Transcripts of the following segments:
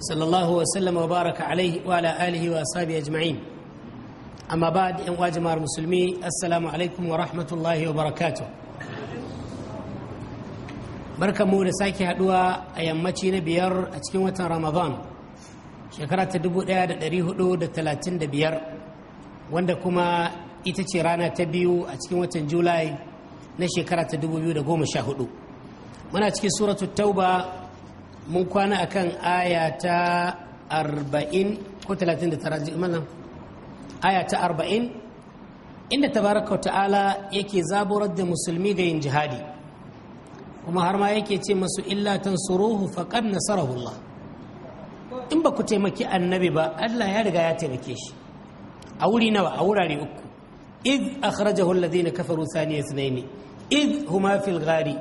صلى الله وسلم وبارك عليه وعلى آله وأصحابه أجمعين أما بعد إن واجمع المسلمين السلام عليكم ورحمة الله وبركاته barka mu da sake haduwa a yammaci na biyar a cikin watan da talatin da biyar wanda kuma ita ce rana ta biyu a cikin watan julai na shekara ta 2014 muna cikin suratu tauba mun kwana akan aya ta 40 ko 39 malam aya ta 40 inda tabaraka ta'ala yake zaburar da musulmi ga yin jihadi kuma har ma yake ce masu illa tansuruhu faqad nasarahu Allah in ba ku taimaki annabi ba Allah ya riga ya taimake shi a wuri nawa a wurare uku id akhrajahu alladhina kafaru thaniya ithnain id huma fil ghari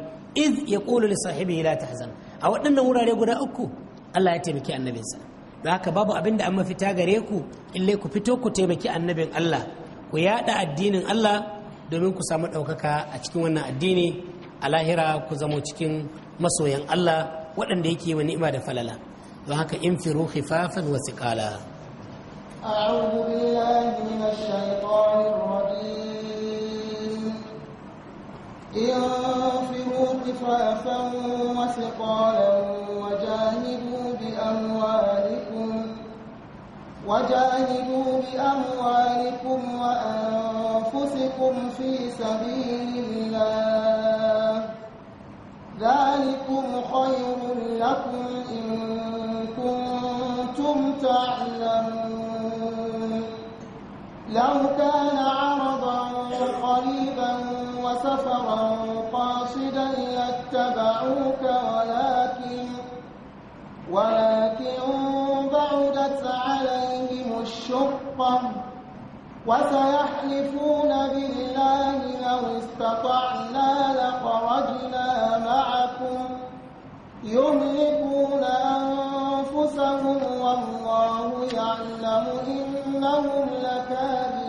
id yaqulu li sahibihi la tahzan a waɗannan wurare guda uku Allah ya taimaki annabinsa da haka babu abin da an mafita gare ku illai ku fito ku taimaki annabin Allah ku yaɗa addinin Allah domin ku samu ɗaukaka a cikin wannan addini a lahira ku zamo cikin masoyan Allah waɗanda yake wa ni'ima da falala don haka in firu khifafan wasu ƙala. أعوذ بالله من الشيطان الرجيم انفروا قفافا وثقالا وجاهدوا بأموالكم وجاهدوا بأموالكم وأنفسكم في سبيل الله ذلكم خير لكم إن كنتم تعلمون لو كان عرضا قريبا سفرا قاصدا يتبعوك ولكن ولكن بعدت عليهم الشقة وسيحلفون بالله لو استطعنا لخرجنا معكم يهلكون أنفسهم والله يعلم إنهم لكاذبون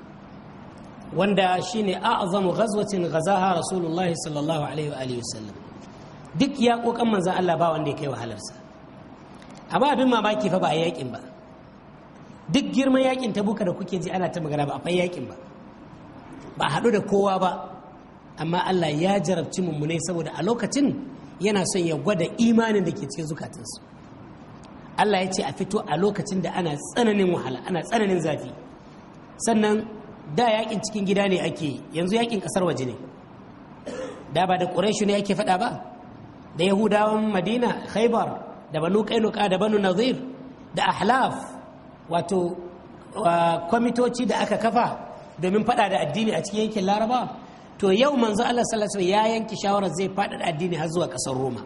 wanda shine a'zamu ghazwatin ghazaha rasulullahi sallallahu alaihi wa sallam duk ya kokan manzan Allah ba wanda ya kai wahalarsa amma abin mamaki fa ba a yakin ba duk girman yakin buka da kuke ji ana ta magana ba a fai yakin ba ba haɗu da kowa ba amma Allah ya jarabci mummunai saboda a lokacin yana son ya gwada imanin da ke cikin zukatansu Allah ya ce a fito a lokacin da ana tsananin wahala ana tsananin zafi sannan da yakin cikin gida ne ake yanzu yakin kasar waje ne da ba da quraishu ne ake faɗa ba da yahudawan madina khaybar da banu qainuqa da banu nazir da ahlaf wato kwamitoci da aka kafa domin faɗa da addini a cikin yankin laraba to yau manzo Allah sallallahu alaihi ya yanki shawarar zai faɗaɗa addini har zuwa ƙasar Roma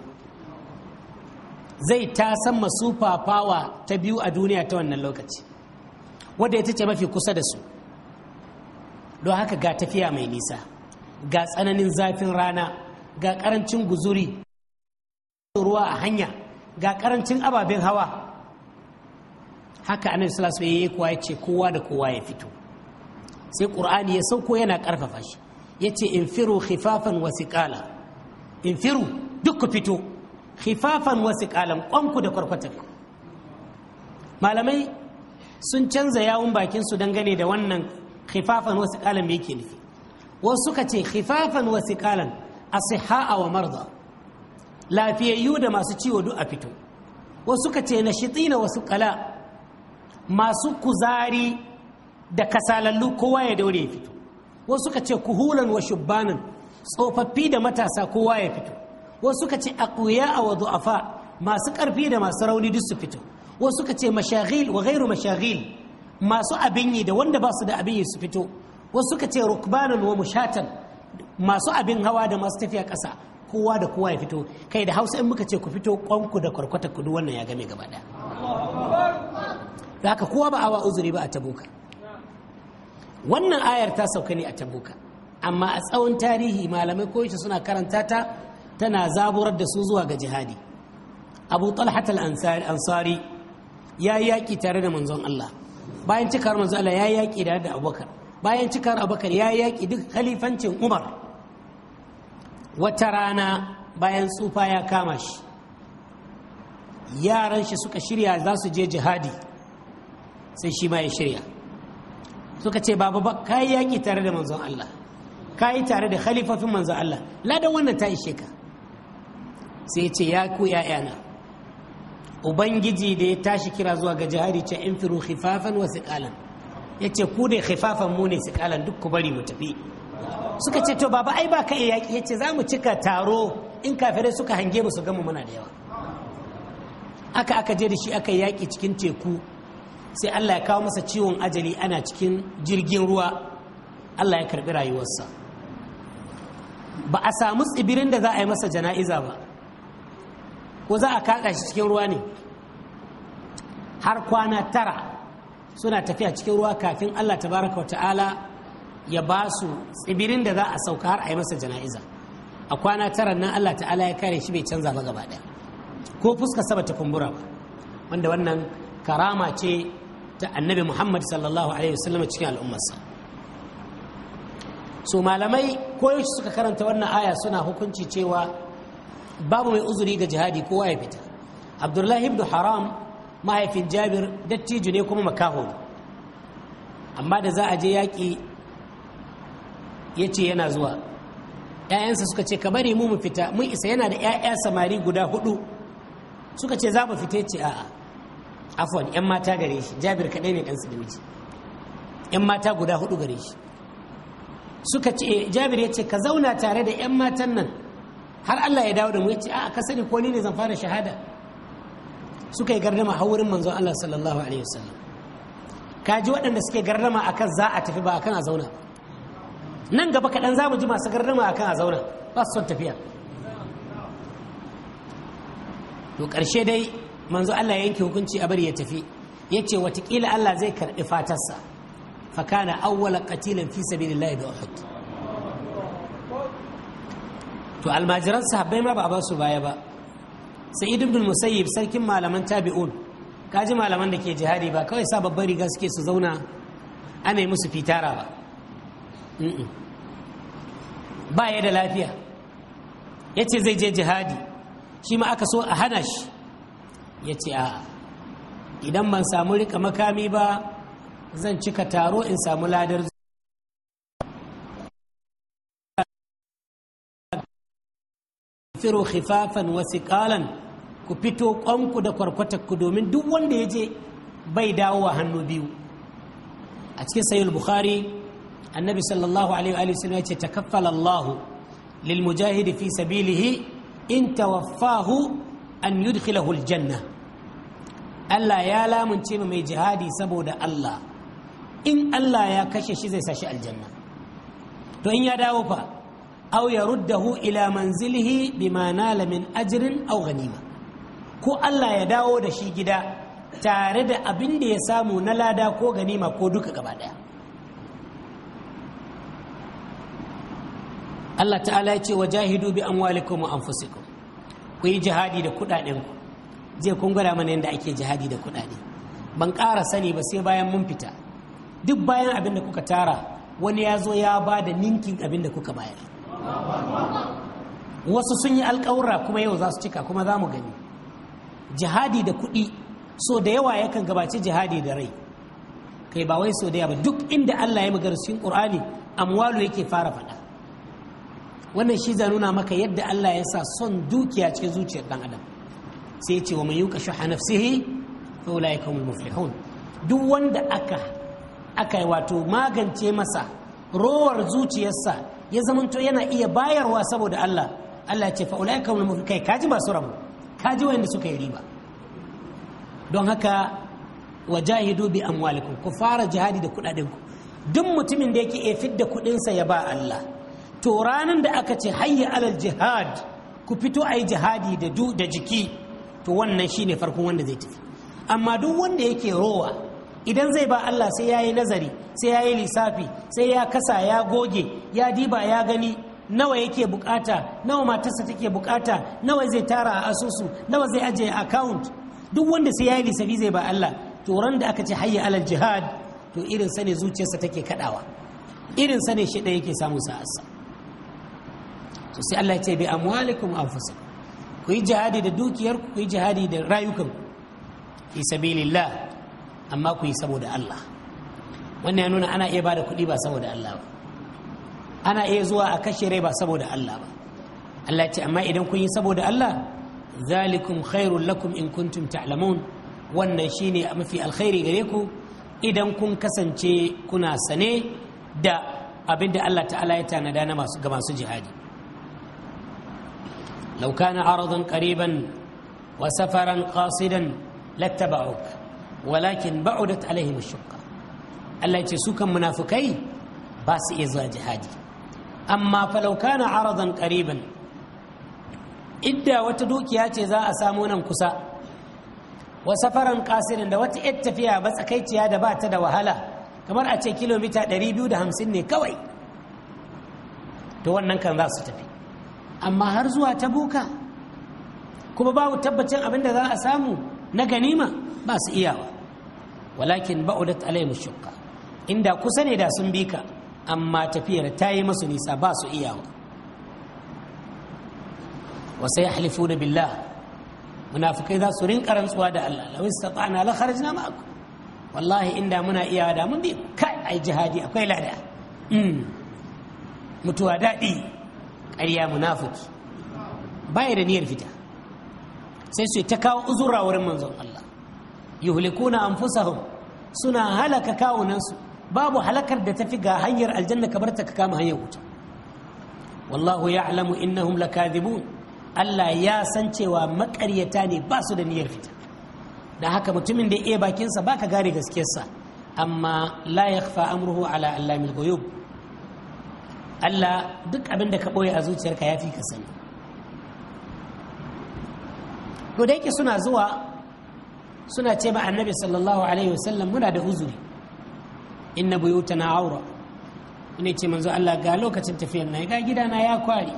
zai ta san masu fafawa ta biyu a duniya ta wannan lokaci wadda ita ce mafi kusa da su don haka ga tafiya mai nisa ga tsananin zafin rana ga karancin guzuri ruwa a hanya ga karancin ababen hawa haka annabi sallallahu alaihi wasallam kuwa yace kowa da kowa ya fito sai qur'ani ya sauko yana ƙarfafa shi yace infiru khifafan wa siqala infiru duk ku fito khifafan wa siqalan kwanku da kwarkwata malamai sun canza yawun bakin su dangane da wannan khifafan wasu kalan me yake nufi wasu suka ce khifafan wasu kalan asiha'a wa marda lafiyayyu da masu ciwo duk a fito wasu suka ce na shitina wasu kala masu kuzari da kasalallu kowa ya daure ya fito wasu suka ce kuhulan wa shubbanan tsofaffi da matasa kowa ya fito wasu suka ce akuya wa du'afa masu ƙarfi da masu rauni duk su fito wasu suka ce mashaghil wa gairu mashaghil masu abin yi da wanda ba su da abin yi su fito wasu suka ce rukbanan wa mushatan masu abin hawa da masu tafiya ƙasa kowa da kowa ya fito kai da hausa in muka ce ku fito kwanku da kwarkwata ku wannan ya game gaba da haka kowa ba awa uzuri ba a tabuka wannan ayar ta sauka ne a tabuka amma a tsawon tarihi malamai koyaushe suna karanta ta tana zaburar da su zuwa ga jihadi abu talhatal ansari ya yaki tare da manzon allah bayan cikar manzo Allah ya yaƙi da da Abubakar bayan cikar Abubakar ya yaƙi duk khalifancin Umar wata rana bayan tsufa ya kama shi yaran shi suka shirya za su je jihadi sai shi ma ya shirya suka ce babu ba ka yi yaƙi tare da manzon Allah ka yi tare da khalifafin manzon Allah ladan wannan ta ishe ka sai ya ce ya ku ‘ya'yana ubangiji da ya tashi kira zuwa ga jihari ce in firu khifafan wa ya ce ku ne khifafan mu ne siqalan duk ku bari mu tafi suka ce to baba ai ba ka yaki yace za mu cika taro in kafirai suka hange mu su gama muna da yawa aka aka je da shi aka yaki cikin teku sai Allah ya kawo masa ciwon ajali ana cikin jirgin ruwa Allah ya karbi rayuwarsa ba a samu tsibirin da za a yi masa jana'iza ba ko za a kaka shi cikin ruwa ne har kwana tara suna tafiya cikin ruwa kafin allah tabaraka wa ta'ala ya ba su tsibirin da za a sauka har a yi masa jana'iza a kwana tara nan allah ta'ala ya kare shi bai canza ba gaba ɗaya ko fuska saba ta kumbura ba wanda wannan karama ce ta annabi muhammad sallallahu alaihi wasallam cikin al'ummarsa so malamai koyaushe suka karanta wannan aya suna hukunci cewa babu mai uzuri ga jihadi kowa ya fita abdullahi ibn haram mahaifin jabir dattijo ne kuma makaho ne amma da za a je yaƙi ya ce yana zuwa ‘ya'yansa suka ce ka bari mu mu fita mun isa yana da ‘ya'ya samari guda hudu suka ce za mu fita ce a'a afon ‘yan mata gare shi jabir kaɗai ne ɗansu da miji ‘yan mata guda hudu gare shi suka ce jabir ya ce ka zauna tare da ‘yan matan nan har Allah ya dawo da mu ya ce ka sani ko ni ne zan fara shahada suka yi gardama har wurin manzon Allah sallallahu alaihi wasallam ka ji waɗanda suke gardama akan za a tafi ba akan a zauna nan gaba kaɗan za mu ji masu gardama akan a zauna ba su son tafiya to ƙarshe dai manzo Allah ya yanke hukunci a bari ya tafi ya ce watakila Allah zai karɓi fatarsa fakana awwala qatilin fi sabilillahi da Uhud to almajiran sahabbai ma ba a basu baya ba sa'id ibn musayyib sarkin malaman tabi'un kaji malaman da ke jihadi ba kawai sa babbar riga suke su zauna ana yi musu fitara ba ba ya da lafiya ya ce zai je jihadi shi ma aka so a hana shi ya ce a idan ban samu rika makami ba zan cika taro in samu ladar anfiru khifafan wa siqalan ku fito kwanku da ku domin duk wanda ya je bai dawo wa hannu biyu a cikin sayul bukhari annabi sallallahu alaihi sallam ya ce takaffala allah lil mujahidi fi sabilihi in tawaffahu an yudkhilahu janna. Allah ya lamunce mai jihadi saboda Allah in Allah ya kashe shi zai sashi aljanna to in ya dawo fa Au ya ruddahu ila manzilihi bima nala ajirin ajrin aw ko Allah ya dawo da shi gida tare da abin da ya samu na lada ko ganima ko duka gaba daya Allah ta'ala ya ce wa jahidu bi amwalikum wa anfusikum ku yi jihadi da kudaden ku je kun gwada mana yadda ake jihadi da kudade ban ƙara sani ba sai bayan mun fita duk bayan abin da kuka tara wani ya zo ya ba da ninkin abin da kuka bayar wasu sun yi alkawura kuma yau za su cika kuma za mu gani jihadi da kuɗi so da yawa yakan gabaci jihadi da rai kai ba wai so da yawa duk inda Allah ya magana cikin Qur'ani amwalu yake fara faɗa wannan shi zai nuna maka yadda Allah ya sa son dukiya cikin zuciyar dan adam sai ya ce wa man yuqa shuha nafsihi fa ulaika humul muflihun duk wanda aka aka wato magance masa rowar zuciyarsa ya zamanto yana iya bayarwa saboda Allah Allah ce fa ulaika hum kai kaji masu rabu kaji wanda suka yi riba don haka wajahidu bi amwalikum ku fara jihadi da kudaden ku duk mutumin da yake efid da kudin sa ya ba Allah to ranan da aka ce hayya alal jihad ku fito ayi jihadi da da jiki to wannan shine farkon wanda zai tafi amma duk wanda yake rowa idan zai ba Allah sai ya yi nazari sai ya yi lissafi sai ya kasa ya goge ya diba ya gani nawa yake bukata nawa matarsa take bukata nawa zai tara a asusu nawa zai ajiye account duk wanda sai ya yi lissafi zai ba Allah to ran da aka ce hayya alal jihad to irin sa ne zuciyarsa take kadawa irin sa ne shi da yake samu sa'arsa to sai Allah ya ce bi amwalikum anfusakum ku yi jihadi da dukiyarku ku yi jihadi da rayukanku fi sabilillah amma ku yi saboda Allah wannan ya nuna ana iya ba da kuɗi ba saboda Allah ba ana iya zuwa a kashe rai ba saboda Allah ba Allah ce amma idan kun yi saboda Allah zalikum khairul lakum in kuntum ta'lamun wannan shine mafi alkhairi gare ku idan kun kasance kuna sane da abin da Allah ta'ala ya tanada na masu ga masu jihadi law kana aradan qariban wa safaran qasidan walakin ba'udat alaihim shukka Allah ya ce su kan munafukai ba su iya jihadi amma falau kana aradan qariban idda wata dukiya ce za a samu nan kusa wa safaran kasirin da wata yar tafiya ba tsakaiciya da ba ta da wahala kamar a ce kilomita 250 ne kawai to wannan kan za su tafi amma har zuwa ta buka kuma babu tabbacin abin da za a samu na ganima ba su iyawa walakin ba'udat alaihim shukka inda kusa ne da sun bi ka amma tafiyar ta yi masu nisa ba su iyawa wa sai da billah munafikai za su rinka rantsuwa da Allah law istata'na la kharajna ma'akum wallahi inda muna iyawa da mun bi kai ai jihadi akwai lada hmm. mutuwa daɗi ƙarya munafiki baya da niyyar fita sai su ta kawo uzura wurin manzon Allah yuhlikuna anfusahum suna halaka kawunansu babu halakar da tafi ga hanyar aljanna kamar ta kama hanyar wuta wallahu ya'lamu innahum lakadhibun Allah ya san cewa makaryata ne ba su da niyyar fita da haka mutumin da iya bakinsa ba ka gane gaskiyarsa amma la yakhfa amruhu ala allamil ghuyub Allah duk abin da ka boye a zuciyarka yafi ka sani to da yake suna zuwa suna ce ba annabi sallallahu alaihi wasallam muna da uzuri inna na aura ne ce manzo Allah ga lokacin tafiyar na ga gidana ya kwari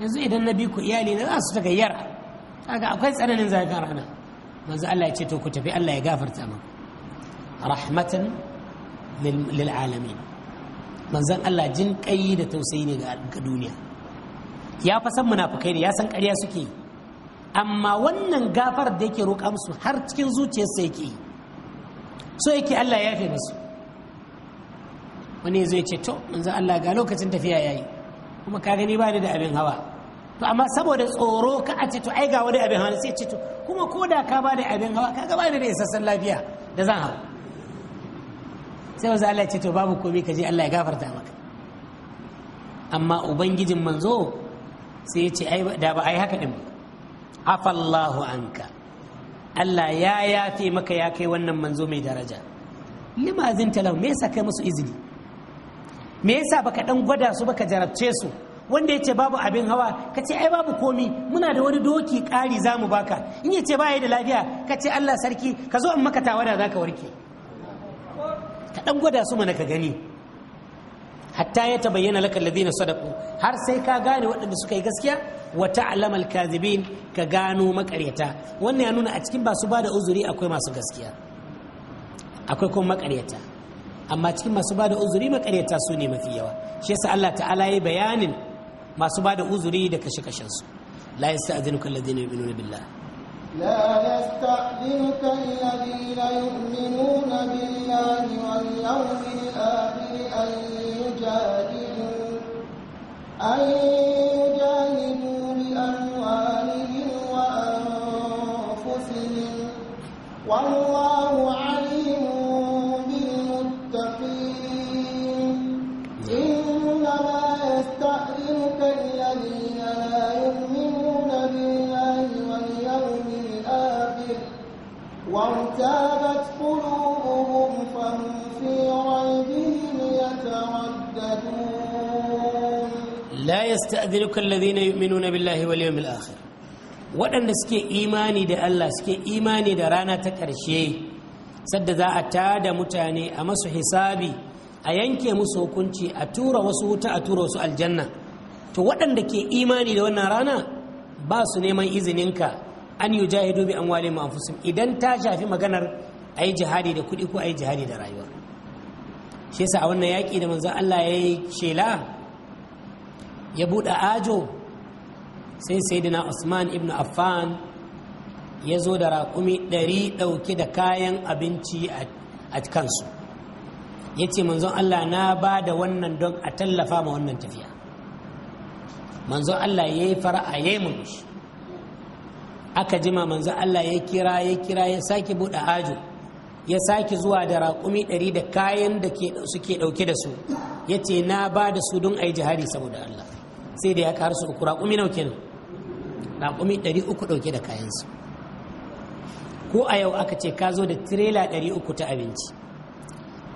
yanzu idan na bi ku iyali na za su ta gayyara kaga akwai tsananin zafin rana manzo Allah ya ce to ku tafi Allah ya gafarta muku rahmatan lil alamin manzon Allah jin kai da tausayi ne ga duniya ya fa san munafikai ne ya san ƙarya suke yi amma wannan gafar da yake roƙa musu har cikin zuciyarsa yake so yake Allah ya yafe musu wani zai ce to manzo Allah ga lokacin tafiya yayi kuma ka gani ba da abin hawa to amma saboda tsoro ka a ce to ai ga wani abin hawa sai ce to kuma ko da ka ba da abin hawa ka ba da isassan lafiya da zan hau sai wanzu Allah ce to babu komai ka je Allah ya gafarta maka amma ubangijin manzo sai ya ce da ba ai haka din ba afallahu anka Allah ya yafe maka ya kai wannan manzo mai daraja lima zinta me yasa kai musu izini me yasa baka ɗan gwada su ba ka jarabce su wanda ya ce babu abin hawa ka ce ai babu komi muna da wani doki ƙari za mu baka in ya ce ba da lafiya ka ce allah sarki ka zo in maka tawada za ka warke ka ɗan gwada su mana ka gani hatta ya tabayyana laka alladhina sadaqu har sai ka gane waɗanda suka yi gaskiya wa ta'lam al-kadhibin ka gano makaryata wannan ya nuna a cikin ba su bada uzuri akwai masu gaskiya akwai kuma makaryata amma cikin masu bada uzuri makaryata su ne mafi yawa shi yasa Allah ta'ala ya bayanin masu bada uzuri da kashe-kashen su la yasta'dhinuka alladhina yu'minuna billah لا يستأذنك الذين يؤمنون بالله واليوم الآخر أن يجاهدوا بأموالهم وأنفسهم والله عليم بالمتقين إنما يستأذنك الذين يؤمنون بالله واليوم الآخر وارتابت قلوبهم فهم في ريبهم يترددون لا يستأذنك الذين يؤمنون بالله واليوم الآخر waɗanda suke imani da Allah suke imani da rana ta ƙarshe sadda za a tada mutane a masu hisabi a yanke musu hukunci a tura wasu wuta a tura wasu aljanna to waɗanda ke imani da wannan rana ba su neman izininka an yujahidu bi amwalihim wa anfusihim idan ta shafi maganar ayi jihadi da kuɗi ko ayi jihadi da rayuwa shi yasa a wannan yaƙi da manzon Allah ya yi shela ya buɗe ajo sai sayyidina Usman ibn Affan ya zo da raƙumi ɗari ɗauke da kayan abinci a kansu ya ce manzon Allah na ba da wannan don a tallafa ma wannan tafiya manzon Allah ya yi fara'a ya yi murmushi aka jima manzo Allah ya kira ya kira ya sake buɗe ajo ya sake zuwa da raƙumi ɗari da kayan da suke ɗauke da su ya ce na ba da su don a yi jihadi saboda Allah sai da ya har su uku raƙumi nau kenan raƙumi ɗari uku ɗauke da kayansu ko a yau aka ce ka zo da tirela ɗari uku ta abinci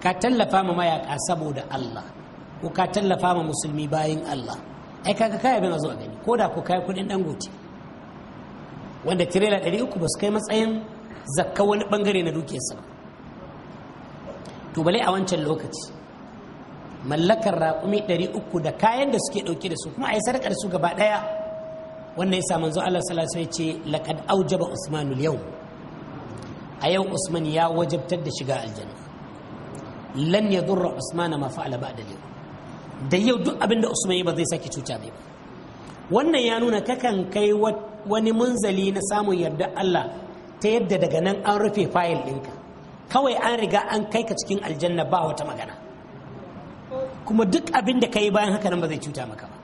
ka tallafa ma mayaƙa saboda Allah ko ka tallafa ma musulmi bayan Allah ai kaga kai abin a zo a gani ko da ku kai kuɗin ɗan gote wanda tirela 300 ba su kai matsayin zakka wani bangare na dukiyarsa to balai a wancan lokaci mallakar raƙumi 300 da kayan da suke ɗauke da su kuma a yi sadakar su gaba ɗaya wannan ya zuwa Allah ya ce laqad aujaba usmanul yau a yau usman ya wajabtar da shiga aljanna lan ya yadurra usmana ma fa'ala da yau da yau duk abin da usman yi ba zai sake cuta mai ba wannan ya nuna kakan kai wani munzali na samun yarda Allah ta yadda daga nan an rufe fayil ɗinka kawai an riga an kai ka cikin aljanna ba wata magana kuma duk abin da ka yi bayan haka nan ba zai cuta maka ba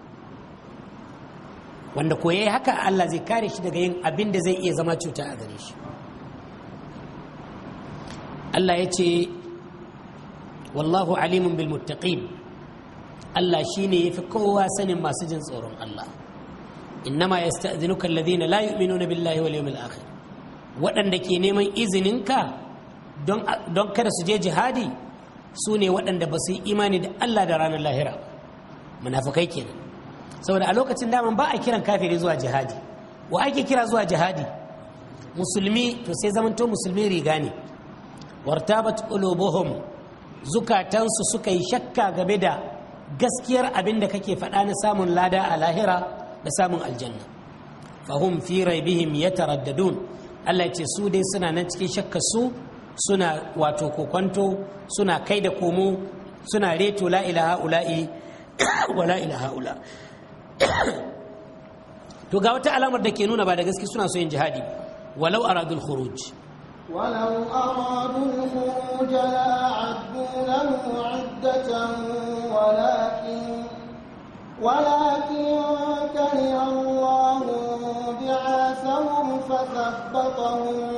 wanda koyayi haka Allah zai kare shi daga yin abin da zai iya zama cuta a gare shi Allah ya ce wallahu alimun bil muttaqin Allah ya yafi kowa sanin masu jin tsoron Allah innama yasta'dhinuka alladhina la yu'minuna billahi wal yawmil waɗanda ke neman izininka don don kada su je jihadi su ne waɗanda ba su yi imani da Allah da ranar lahira munafukai kenan saboda a lokacin daman ba a kiran kafiri zuwa jihadi wa ake kira zuwa jihadi musulmi to sai zamanto musulmi riga ne wartabat qulubuhum zukatansu suka yi shakka game da gaskiyar abin da kake faɗa na samun lada a lahira da samun aljanna fahum fi raibihim yataraddadun Allah ya ce su dai suna nan cikin shakkar su suna wato kokwanto suna kai da komo suna reto la ilaha ula'i wa la ilaha ula to ga wata alamar da ke nuna ba da gaske suna so yin jihadi walau aradul khuruj ولو أرادوا الخروج لأعدوا له عدة ولكن ولكن كره الله بعاثهم فثبطهم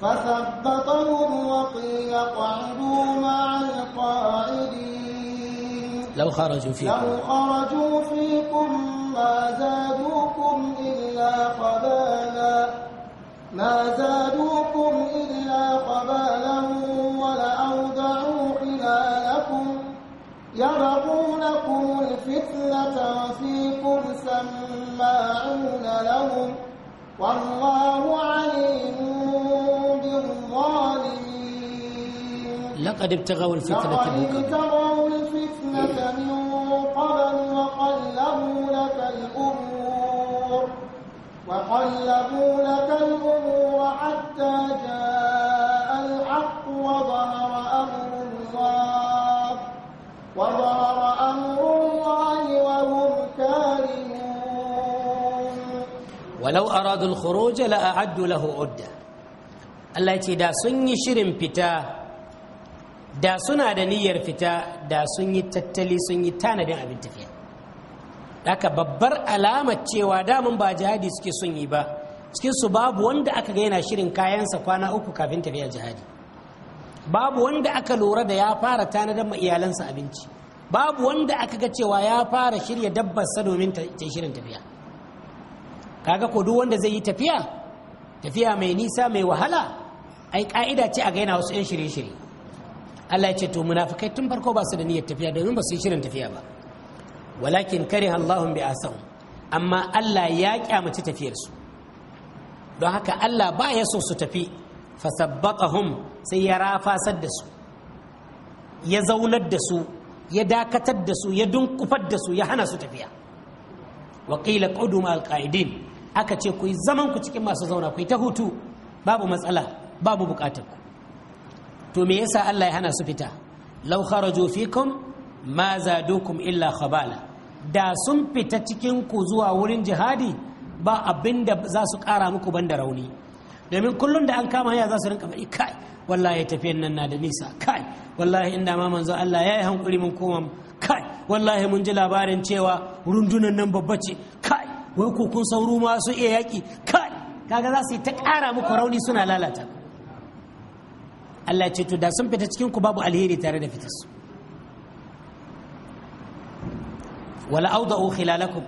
فثبطهم وقيل اقعدوا مع القاعدين لو خرجوا فيكم لو خرجوا فيكم ما زادوكم إلا خبالا ما زادوكم إلا خبالا ولاودعوا خلالكم يرى لهم والله عليم بالظالمين لقد ابتغوا الفتنة من ابتغوا الفتنة من قبل وقلبوا لك الأمور وقلبوا لك الأمور حتى جاء الحق وظهر أمر الله وظهر walau aradul khuruj la a'addu lahu Allah ce da sun yi shirin fita da suna da niyyar fita da sun yi tattali sun yi tanadin abin tafiya haka babbar alamar cewa damun ba jihadi suke sun yi ba cikin su babu wanda aka ga yana shirin kayansa kwana uku kafin tafiya jihadi babu wanda aka lura da ya fara tanadar ma iyalansa abinci babu wanda aka ga cewa ya fara shirya dabbarsa domin ta shirin tafiya kaga ko duk wanda zai yi tafiya tafiya mai nisa mai wahala ai ka'ida ce a gaina wasu 'yan shirye-shirye Allah ya ce to munafikai tun farko ba su da niyyar tafiya domin ba su yi shirin tafiya ba walakin kare Allahun bi asan amma Allah ya kyamaci tafiyarsu don haka Allah ba ya so su tafi fasabbaqahum sai ya rafasar da su ya zaunar da su ya dakatar da su ya dunkufar da su ya hana su tafiya wa qila qudu ma alqaidin aka ce ku yi zaman ku cikin masu zauna ku yi ta hutu babu matsala babu bukatar ku to me yasa Allah ya hana su fita law kharaju fikum ma zadukum illa khabala da sun fita cikin ku zuwa wurin jihadi ba abin da za su kara muku banda rauni domin kullum da an kama hanya za su rinka faɗi kai wallahi tafiyan nan na da nisa kai wallahi inda ma manzo Allah ya yi hankuri mun koma kai wallahi mun ji labarin cewa rundunan nan babba ce kai wai kukun sauru su iya yaƙi kaga za su yi ta ƙara muku rauni suna lalata Allah ce to da sun fita cikin ku babu alheri tare da fitas wala auda'u khilalakum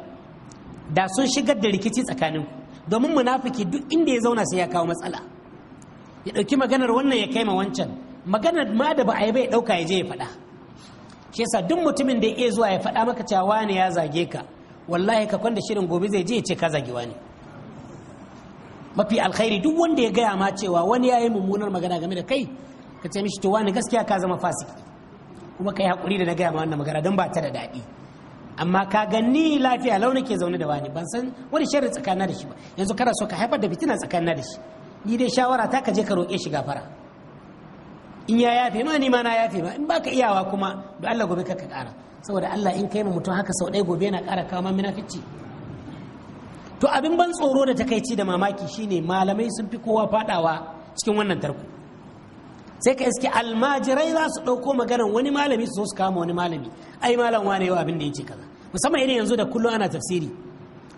da sun shigar da rikici tsakaninku domin munafiki duk inda ya zauna sai ya kawo matsala ya ɗauki maganar wannan ya kai ma wancan maganar ma da ba a yi bai ɗauka ya je ya faɗa shi yasa duk mutumin da ya iya zuwa ya faɗa maka cewa wani ya zage ka wallahi ka kwanda shirin gobe zai je ya ce ka zagi wani mafi alkhairi duk wanda ya gaya ma cewa wani ya yi mummunar magana game da kai ka ce mishi to wani gaskiya ka zama fasiki kuma ka yi haƙuri da na gaya ma wannan magana don ba ta da daɗi amma ka gani lafiya launa ke zaune da wani ban san wani sharri tsakanin da shi ba yanzu kana so ka haifar da fitina tsakanin da shi ni dai shawara ta ka je ka roƙe shi gafara in ya yafe ma ni ma na yafe ma in baka iyawa kuma da Allah gobe ka ka ƙara saboda Allah in kai mutum haka sau ɗaya gobe yana ƙara kawo munafici to abin ban tsoro da takaici da mamaki shine malamai sun fi kowa fadawa cikin wannan tarko sai ka iske almajirai za su ɗauko maganar wani malami su zo su kama wani malami ai malam wane yau abin da ya ce kaza musamman irin yanzu da kullum ana tafsiri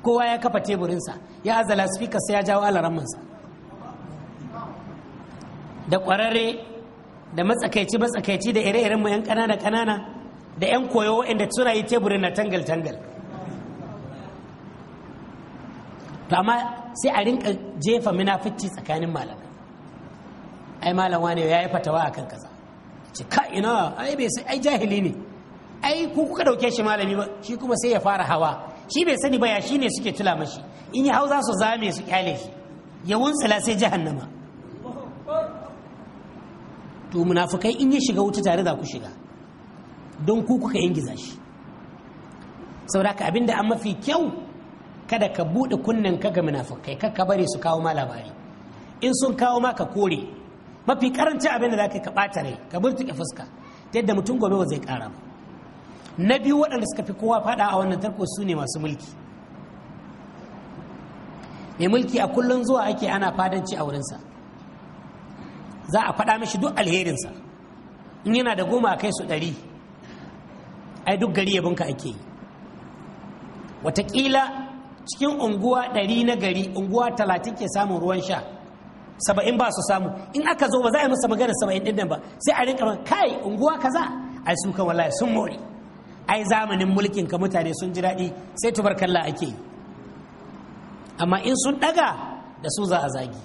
kowa ya kafa teburinsa ya azala speaker sai ya jawo sa da ƙwararre da matsakaici matsakaici da ire-iren mu 'yan ƙanana ƙanana da 'yan koyo inda suna yi teburin na tangal-tangal to amma sai a rinka jefa munafici tsakanin malamai ai malam wane ya yi fatawa a kan kaza ce ka ina ai bai sai ai jahili ne ai ku kuka dauke shi malami ba shi kuma sai ya fara hawa shi bai sani ba ya shi ne suke tula mashi in yi hau za su zame su kyale shi ya wuntsila sai jahannama to munafukai in ya shiga wuta tare za ku shiga don ku kuka ingiza shi da ka abinda an mafi kyau kada ka buɗe kunnen ka ga munafukai ka bari su kawo ma labari in sun kawo ma ka kore mafi karanci abin da zaka ka ɓata rai ka burtuke fuska ta yadda mutum gobe zai ƙara ba na biyu waɗanda suka fi kowa faɗa a wannan tarko su ne masu mulki mai mulki a kullum zuwa ake ana fadanci a wurinsa za a faɗa mishi duk alherinsa in yana da goma a kai su ɗari ai duk gari yabinka ake yi watakila cikin unguwa ɗari na gari unguwa talatin ke samun ruwan sha saba'in ba su samu in aka zo ba za a yi masa magana saba'in ɗin nan ba sai a rinka kai unguwa kaza ai su kan wallahi sun more ai zamanin mulkin ka mutane sun ji daɗi sai tubarkalla ake yi amma in sun ɗaga da su za a zagi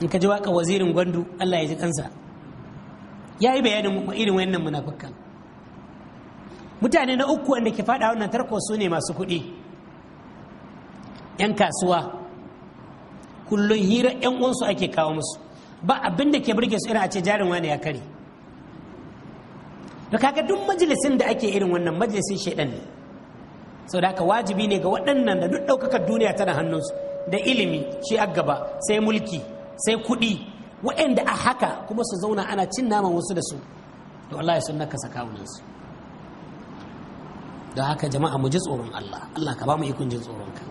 in ka ji waka wazirin gwandu allah ya ji kansa ya yi bayanin irin wannan munafukan mutane na uku wanda ke faɗa wannan tarko su ne masu kuɗi 'yan kasuwa kullum hira 'yan uwansu ake kawo musu ba abin da ke burge su irin a ce jarin wani ya kare da kaga duk majalisin da ake irin wannan majalisin shaidan ne sau da haka wajibi ne ga waɗannan da duk ɗaukakar duniya tana hannunsu da ilimi shi a gaba sai mulki sai kuɗi waɗanda a haka kuma su zauna ana cin naman wasu da su to wallahi sun nakasa kawunan su don haka jama'a mu ji tsoron Allah Allah ka ba mu ikon jin tsoron ka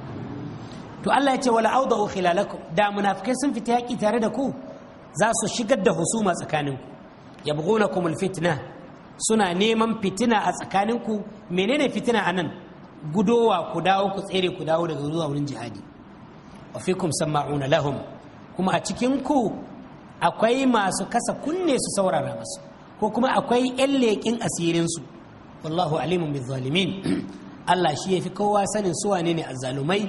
to Allah ya ce wala auda'u khilalakum da munafikai sun fita yaki tare da ku za su shigar da husuma tsakanin ku yabghunakum alfitna suna neman fitina a tsakanin ku menene fitina anan gudowa ku dawo ku tsere ku dawo daga zuwa wurin jihadi wa fikum sama'una lahum kuma a cikin ku akwai masu kasa kunne su saurara masu ko kuma akwai 'yan leƙin asirinsu wallahu alimun bi zalimin allah shi ya fi kowa sanin su wane ne azzalumai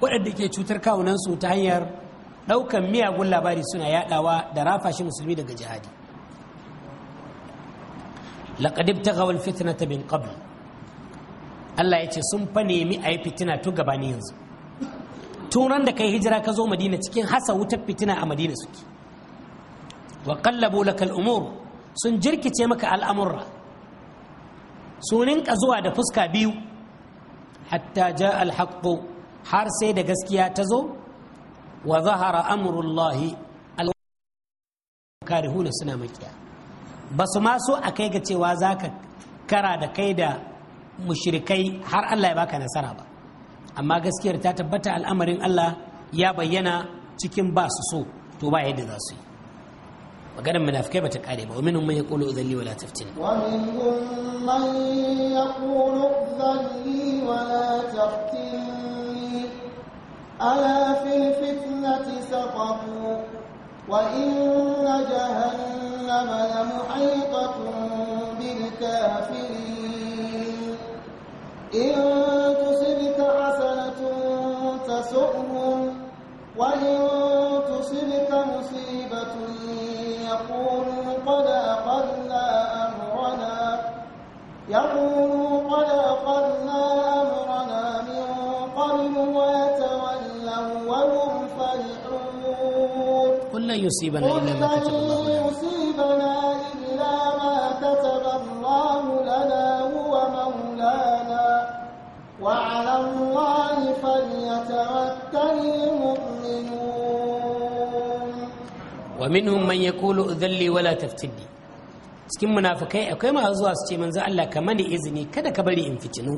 waɗanda ke cutar kawunansu ta hanyar ɗaukan miyagun labari suna yaɗawa da rafashi musulmi daga jihadi laqad kawar al-fitnata min qabl Allah ya ce sun fa nemi a yi fitina tun gabani yanzu tun da kai hijira ka zo madina cikin hasa wutar fitina a madina suke wa qallabu lakal umur sun jirkice maka al'amurra sun rinka zuwa da fuska biyu hatta ja alhaqqu har sai da gaskiya ta zo wa zahara amrullahi karihuna suna makiya ba su ma so a kai ga cewa za ka kara da kai da mushirikai har Allah ya baka nasara ba amma gaskiyar ta tabbatar al'amarin Allah ya bayyana cikin ba su so to ba da za su yi وقال من أفكابة العالم ومنهم من يقول أذن لي ولا تفتن ومنهم من يقول أذن لي ولا تفتني ألا في الفتنة سقطوا وإن جهنم لمحيطة بالكافرين إن تصبك حسنة تسؤهم وإن تصبك مصيبة يقولوا قد أخذنا أمرنا يقولوا قد أخذنا أمرنا من قبل ويتولوا وهم فرحون قل لن يصيبنا إلا ما كتب الله لن يصيبنا إلا ما كتب الله لنا هو مولانا وعلى الله فليتوكل wa minhum man yaqulu udhalli wala taftidi cikin munafikai akwai masu zuwa su ce manzo Allah ka mani izini kada ka bari in fitinu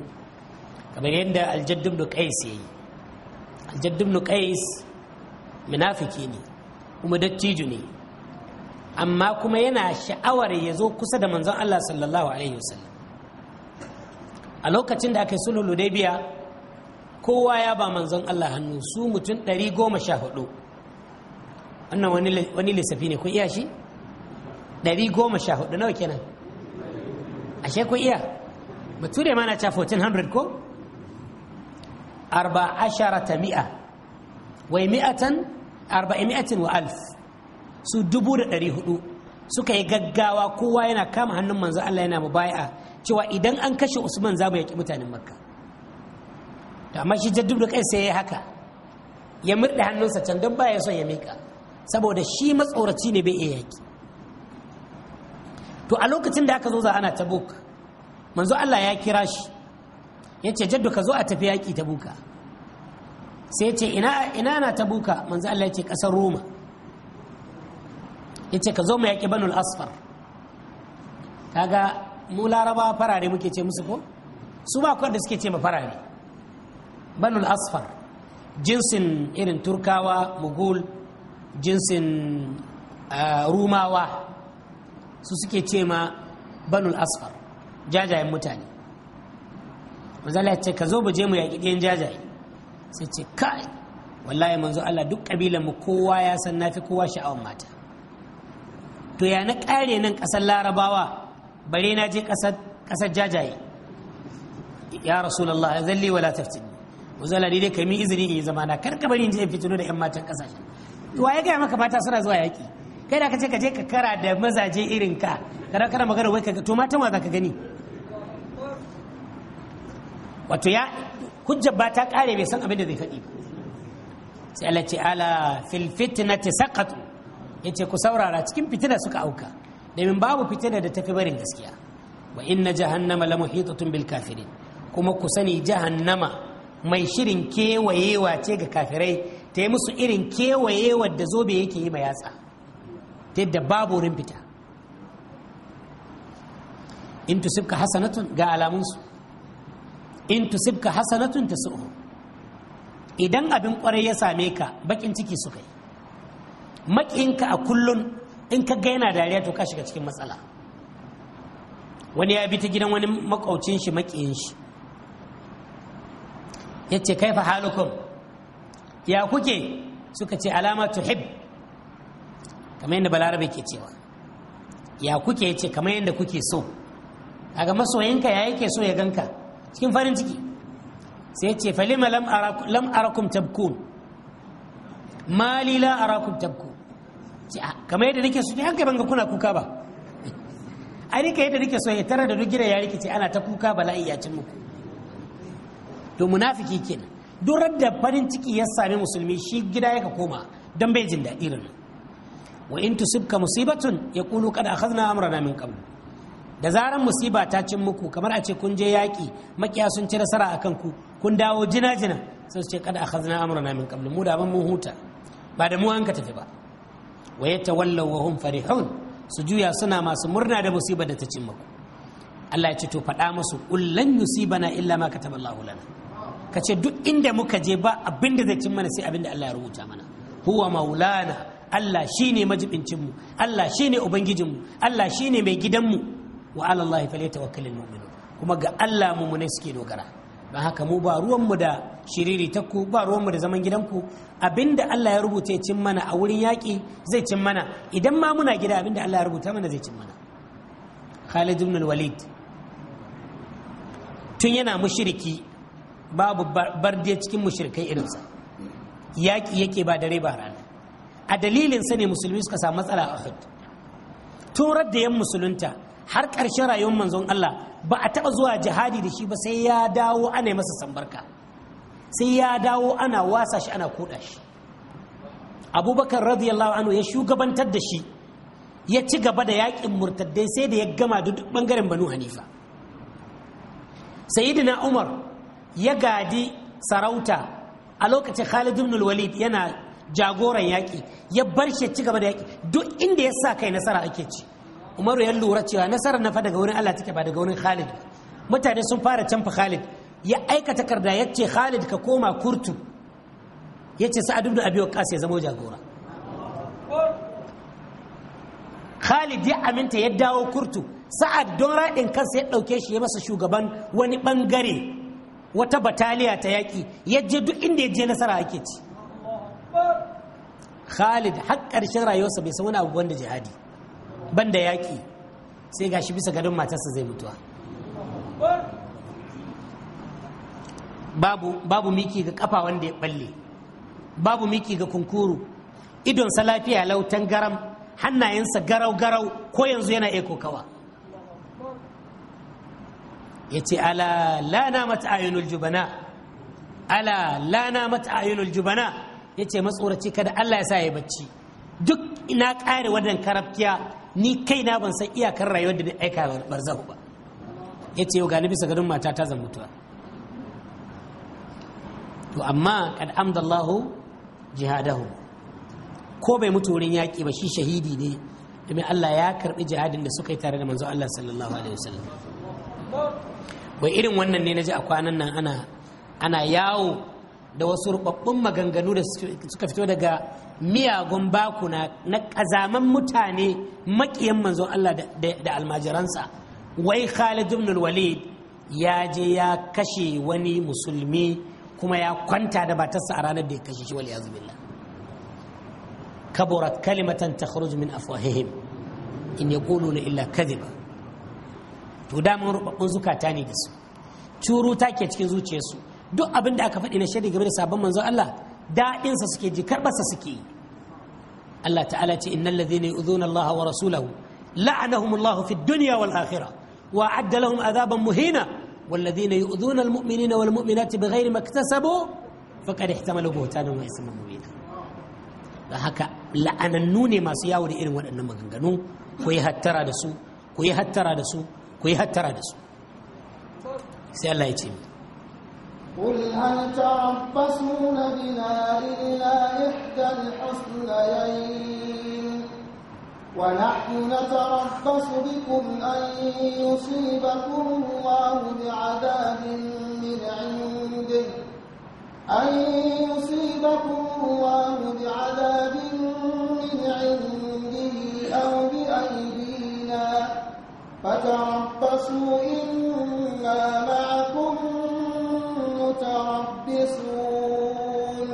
kamar yadda aljadd ibn qais yayi aljadd ibn qais munafiki ne kuma dattijo ne amma kuma yana sha'awar ya zo kusa da manzon Allah sallallahu alaihi wasallam a lokacin da aka yi sulhu Hudaybiya kowa ya ba manzon Allah hannu su mutum ɗari goma sha hudu wannan wani lissafi ne kun iya shi ɗari goma sha hudu nawa kenan ashe kun iya bature ma na ca 1400 ko arba ta mi'a wai mi'atan arba'i mi'atin wa alf su dubu da ɗari hudu suka yi gaggawa kowa yana kama hannun manzo Allah yana mu baya cewa idan an kashe Usman za mu yaki mutanen Makka to amma shi jaddub da kai sai ya haka ya murda hannunsa can don baya son ya miƙa saboda shi matsoraci ne bai iya yaki to a lokacin da aka zo za ana tabuk manzo Allah ya kira shi ya ce jaddu ka zo a tafi yaki tabuka sai ce ina ina na tabuka manzo Allah ya ce kasar Roma ya ce ka zo mu yaki banul asfar kaga mu laraba farare muke ce musu ko su ba da suke ce ma farare banul asfar jinsin irin turkawa mugul jinsin rumawa su suke ce ma banul asfar jajayen mutane manzala ce ka zo je mu yaƙi ɗayan jajaye sai ce kai wallahi manzo Allah duk ƙabilan mu kowa ya san na fi kowa sha'awar mata to ya na ƙare nan ƙasar larabawa bare na je ƙasar jajaye ya rasulullah ya zalli wala taftin manzo Allah dai ka mi izini in yi zamana kar ka bari in je fitino da 'yan matan ƙasashen wa ya gaya maka mata suna zuwa yaƙi kai da ka ce ka je ka kara da mazaje irin ka kada kana magana wai ka to matan wa za ka gani wato ya hujjar ba ta kare bai san abin da zai faɗi sai Allah ce ala fil fitnati saqatu yace ku saurara cikin fitina suka auka domin babu fitina da tafi barin gaskiya wa inna jahannama la muhitatun bil kafirin kuma ku sani jahannama mai shirin kewayewa ce ga kafirai ta yi musu irin kewaye wadda zobe yake yi yatsa ta yadda babu wurin fita in tusibka hasanatun ga alamunsu in tusibka hasanatun ta su'u idan abin kwarai ya same ka bakin ciki su kai makinka a kullun in ka ga yana dariya to ka shiga cikin matsala wani ya bi ta gidan wani makaucin shi makiyin shi ya ce fa halukum ya kuke suka ce alama tuhib kamar yadda balarabe ke cewa ya kuke ce kamar yadda kuke so ga masoyinka ya yake so ya ganka cikin farin ciki sai ce falima lam arakum tabkun mali la arakum tabkun ah, kamar yadda nake so haka banga kuna kuka ba a rika yadda nake so ya tara da duk gida ya rikice ana ta kuka bala'i ya cin muku to munafiki kenan durar da farin ciki ya sami musulmi shi gida yaka koma don bai jin daɗi wa in tusibka musibatun ya kulu kada akhadna amrana min qabl da zaran musiba ta cin muku kamar a ce kun je yaƙi makiya sun ci nasara akan ku kun dawo jina jina sai su ce kada akhadna amrana min qabl mu da ban mun huta ba da mu an ka tafi ba wa yatawallaw wa hum farihun su juya suna masu murna da musibar da ta cin muku Allah ya ce to faɗa musu kullan yusibana illa ma kataballahu lana ka ce duk inda muka je ba abin da zai cin mana sai abin da Allah ya rubuta mana huwa maulana Allah shine majibincin mu Allah shine ubangijin mu Allah shine mai gidan mu wa ala falyatawakkalul kuma ga Allah mu ne suke dogara ba haka mu ba ruwan mu da shiriri ku ba ruwan mu da zaman gidanku abinda Allah ya rubuta ya cin mana a wurin yaki zai cin mana idan ma muna gida abinda Allah ya rubuta mana zai cin mana Khalid ibn Walid tun yana mushriki babu barde cikin mushrikai irinsa yaƙi yake ba dare ba rana a dalilin sa ne musulmi suka samu matsala a Uhud tun da yan musulunta har ƙarshen rayuwar manzon Allah ba a taɓa zuwa jihadi da shi ba sai ya dawo ana masa sambarka sai ya dawo ana wasa shi ana koɗa shi abubakar radiyallahu anhu ya shugabantar da shi ya ci gaba da yaƙin murtaddai sai da ya gama duk ɓangaren banu hanifa sayyidina umar ya gadi sarauta a lokacin Khalid ibn Walid yana jagoran yaƙi ya bar shi ci gaba da yaƙi duk inda ya sa kai nasara ake ci Umaru ya lura cewa nasarar na fa daga wurin Allah take ba daga wurin Khalid mutane sun fara canfa Khalid ya aika takarda ya ce Khalid ka koma kurtu ya ce Sa'ad ibn Abi Waqqas ya zama jagora Khalid ya aminta ya dawo kurtu Sa'ad don raɗin kansa ya ɗauke shi ya masa shugaban wani ɓangare wata bataliya ta yaƙi ya je duk inda ya je nasara ake ci khalid har ƙarshen rayuwarsa bai sauna wani abu jihadi jihadi banda yaƙi sai gashi bisa gadon matarsa zai mutuwa babu babu miki ga kafa wanda ya balle babu miki ga kunkuru idonsa lafiya lautan garam hannayensa garau garau ko yanzu yana eko kawa ya ce ala lana mata ayyunul jubana ala lana mata ayyunul jubana ya ce matsoraci kada Allah ya sa ya bacci duk ina ƙare wannan karafkiya ni kai na ban san iyakar rayuwar da na aika barzahu ba ya ce ga gani bisa mata ta zan mutuwa to amma kad amdallahu jihadahu ko bai mutu wurin yaƙi ba shi shahidi ne domin Allah ya karɓi jihadin da suka yi tare da manzo Allah sallallahu alaihi wasallam wai irin wannan ne na ji a kwanan nan ana ana yawo da wasu rubabbun maganganu da suka fito daga miyagun bakuna na kazaman mutane makiyan manzo Allah da almajiransa wai Khalid ibn Walid ya je ya kashe wani musulmi kuma ya kwanta da matarsa a ranar da ya kashe shi wal yazu billah kaburat kalimatan takhruj min afwahihim in yaquluna illa kadhiba to daman rubabbun zukata ne da su curuta ke cikin zuciyarsu duk abin da aka faɗi na shari game da sabon manzon Allah daɗinsa suke ji karɓarsa suke Allah ta'ala ce innal ladhina yu'dhuna Allah wa rasulahu la'anahum Allah fi dunya wal akhirah wa adda lahum adhaban muhina wal ladhina yu'dhuna al mu'minina wal mu'minati bighairi maktasabu faqad ihtamalu buhtanan wa isman mubina da haka la'anannu ne masu yawo da irin waɗannan maganganu ku yi hattara da su ku yi hattara da su ku yi hattara da su sai Allah ya ce mu قل هل تربصون بنا إلا إحدى الحسنيين ونحن نتربص بكم أن يصيبكم الله بعذاب من عنده أن يصيبكم الله بعذاب من عنده أو بأيدينا فتربصوا إنا معكم متربصون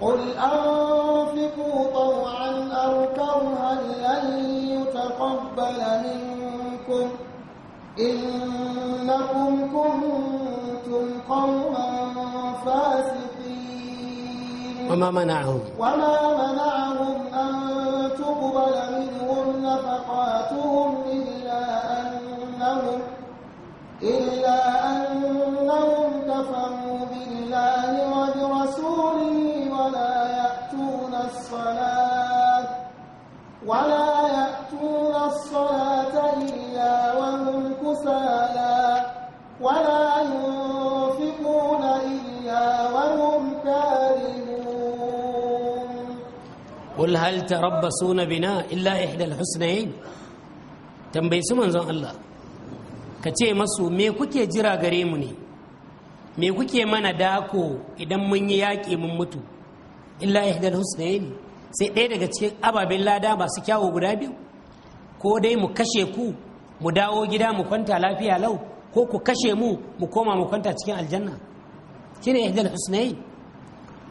قل أنفقوا طوعا أو كرها لن يتقبل منكم إنكم كنتم قوما فاسقين وما منعهم وما منعهم أن تقبل منهم نفقاتهم إلا أمر إلا أنهم كفروا بالله وبرسوله ولا يأتون الصلاة ولا يأتون الصلاة إلا وهم كسالى ولا ينفقون إلا وهم كارهون قل هل تربصون بنا إلا إحدى الحسنين تنبيس منزل الله ka ce masu me kuke jira gare mu ne me kuke mana dako idan mun yi yaƙi mun mutu illa ihdal ne? sai ɗaya daga cikin ababen lada masu kyawo guda biyu ko dai mu kashe ku mu dawo gida mu kwanta lafiya lau ko ku kashe mu mu koma mu kwanta cikin aljanna shine ihdal husnayn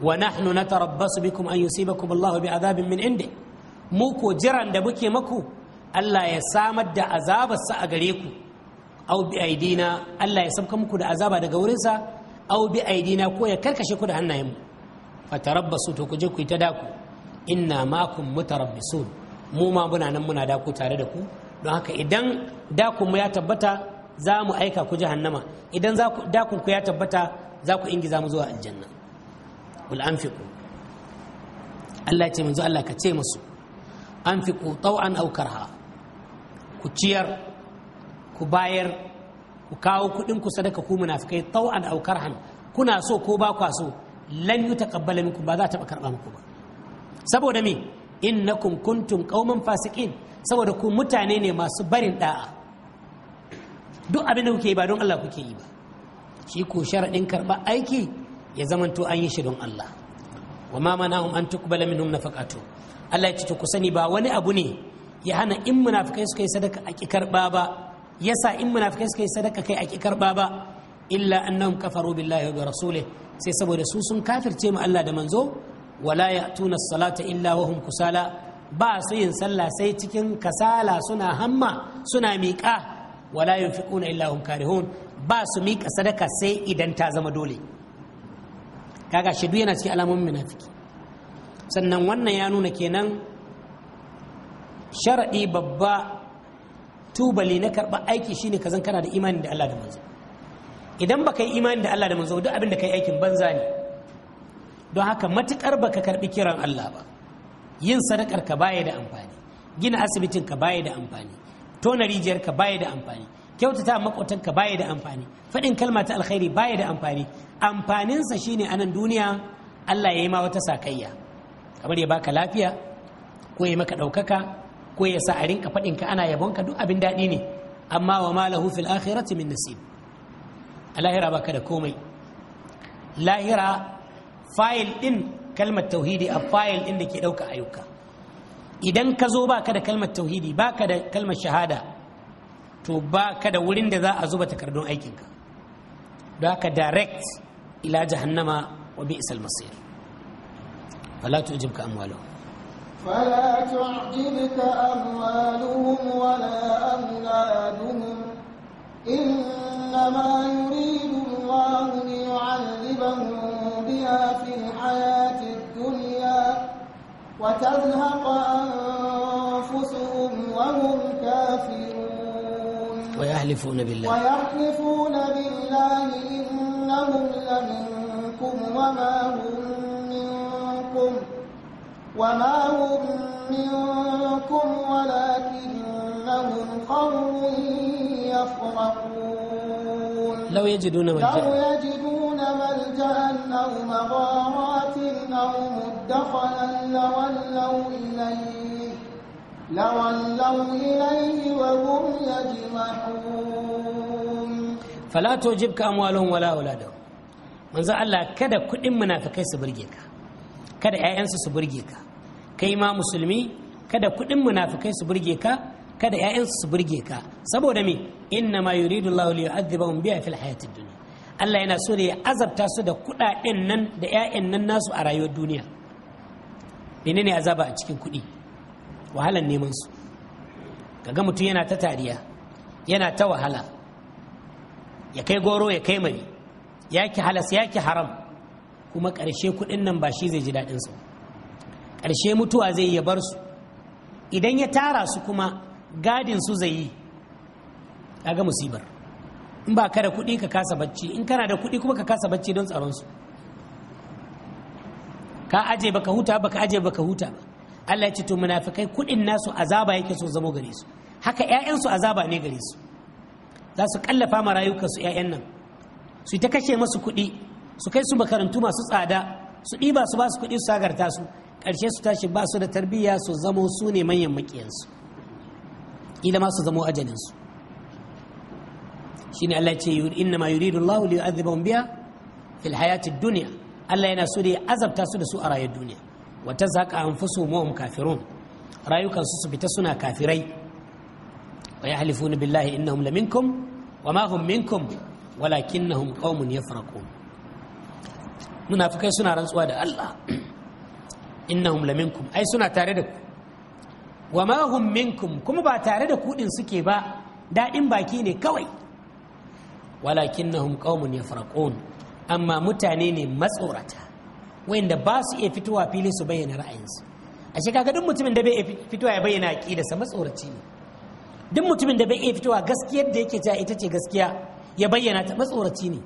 wa nahnu natarabbasu bikum an yusibakum Allah bi azabin min inda mu ko jiran da muke maku Allah ya samar da azabarsa a gare ku au bi aidina Allah ya sabka muku da azaba daga wurinsa au bi aidina ko ya karkashe ku da hannayenmu fatarabbasu to ku je ku yi ta daku inna makum mutarabbisun mu ma muna nan muna daku tare da ku don haka idan dakun mu ya tabbata za mu aika ku jahannama idan dakun ku ya tabbata za ku ingiza mu zuwa aljanna kul anfiqu Allah ce manzo Allah ka ce musu anfiqu taw'an aw karha ku ciyar ku bayar ku kawo kuɗin ku sadaka ku munafikai tau'an aukar karhan kuna so ko ba ku so lan yutaqabbala minkum ba za ta karba muku ba saboda me innakum kuntum qauman fasiqin saboda ku mutane ne masu barin da'a duk abin da kuke yi ba don Allah kuke yi ba shi ko sharaɗin karba aiki ya zamanto an yi shi don Allah wa ma manahum an tuqbala minhum nafaqatu Allah ya ce to ku sani ba wani abu ne ya hana in munafikai suka yi sadaka a ki karɓa ba yasa in munafikai suka yi sadaka kai ake karba ba illa annahum kafaru billahi wa rasulih sai saboda su sun kafirce mu Allah da manzo wala ya'tuna as-salata illa wa hum kusala ba su yin sallah sai cikin kasala suna hamma suna miƙa wala yunfiquna illa hum karihun ba su miƙa sadaka sai idan ta zama dole kaga shi yana cikin alamomin munafiki sannan wannan ya nuna kenan sharaɗi babba tubali na karɓa aiki shine kazan kana da imani da Allah da manzo idan baka yi imani da Allah da manzo duk abin da kai aikin banza ne don haka matukar baka karɓi kiran Allah ba yin sadakar ka baya da amfani gina asibitin ka baya da amfani tona rijiyar ka baya da amfani kyautata makotan ka baya da amfani faɗin kalma ta alkhairi baya da amfani amfaninsa shine a nan duniya Allah ya yi ma wata sakayya kamar ya baka lafiya ko ya maka ɗaukaka ko ya sa a rinka faɗin ka ana yabon ka duk abin daɗi ne amma wa ma lahu fil akhirati min nasib a lahira baka da komai lahira fayil din kalmar tauhidi a fayil din da ke ɗauka ayyuka idan ka zo baka da kalmar tauhidi baka da kalmar shahada to baka da wurin da za a zuba takardun aikinka ka baka direct ila jahannama wa bi'sal masir fala tujibka amwaluhum فلا تعجبك أموالهم ولا أولادهم إنما يريد الله ليعذبهم بها في الحياة الدنيا وتذهب أنفسهم وهم كافرون ويحلفون بالله ويحلفون بالله إنهم لمنكم وما هم وما هم منكم ولكنهم قوم يفرقون لو يجدون ملجأ لو يجدون ملجأ أو مغارات أو مدخلا لولوا إليه لولوا إليه وهم يجمحون فلا تعجبك أموالهم ولا أولادهم manzo Allah kada kuɗin munafikai su burge ka kada 'ya'yansu su burge ka kai ma musulmi kada kuɗin munafikai su burge ka kada 'ya'yansu su burge ka saboda me inna ma yuridu Allahu li yu'adhibahum biha fil hayatid dunya Allah yana so ya azabta su da kuɗaɗen nan da 'ya'yan nan nasu a rayuwar duniya menene azaba a cikin kuɗi wahalan neman su kaga mutum yana ta tariya yana ta wahala ya kai goro ya kai mari ya ki halas ya ki haram kuma ƙarshe kuɗin nan ba shi zai ji daɗin su ƙarshe mutuwa zai ya bar su idan ya tara su kuma gadin su zai yi ga musibar in ba ka da kuɗi ka kasa bacci in kana da kuɗi kuma ka kasa bacci don tsaron su ka aje baka huta baka aje baka huta ba Allah ya ce to munafikai kuɗin nasu azaba yake so zamo gare su haka su azaba ne gare su za su kallafa ma su ƴaƴan nan su ta kashe masu kuɗi su kai su makarantu masu tsada su ɗiba su ba su kuɗi su sagarta su ƙarshe su tashi ba su da tarbiyya su zamo su ne manyan maƙiyansu ila ma su zamo ajalinsu shine Allah ce inna ma yuridu Allah li yu'adhibahum biha fil hayati dunya Allah yana so da ya azabta su da su a rayuwar duniya wa tazhaqa anfusuhum wa kafirun rayukan su su fita suna kafirai wa yahlifuna billahi innahum laminkum wa ma hum minkum walakinnahum qaumun yafraqun munafikai suna rantsuwa da Allah innahum laminkum ai suna tare da ku wa ma hum minkum kuma ba tare da kuɗin suke ba daɗin baki ne kawai walakinnahum qaumun yafraqun amma mutane ne matsorata wayanda ba su iya fitowa fili su bayyana ra'ayinsu a shi kaga duk mutumin da bai iya fitowa ya bayyana sa matsoraci ne duk mutumin da bai iya fitowa gaskiyar da yake ta ita ce gaskiya ya bayyana ta matsoraci ne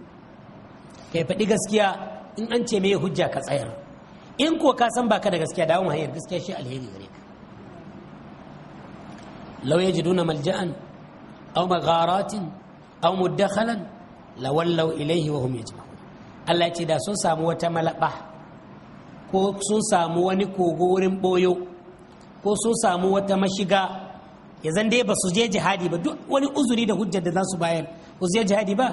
kai faɗi gaskiya in an ce me hujja ka tsayar in ko ka san baka da gaskiya awa hanyar gaskiya shi alheri gare ka law yajiduna malja'an aw magharatin aw mudakhalan lawallaw ilayhi wa hum yajma'un Allah ya ce da sun samu wata malaba ko sun samu wani kogo wurin boyo ko sun samu wata mashiga ya zan dai ba su je jihadi ba duk wani uzuri da hujjar da za su bayar ko su je jihadi ba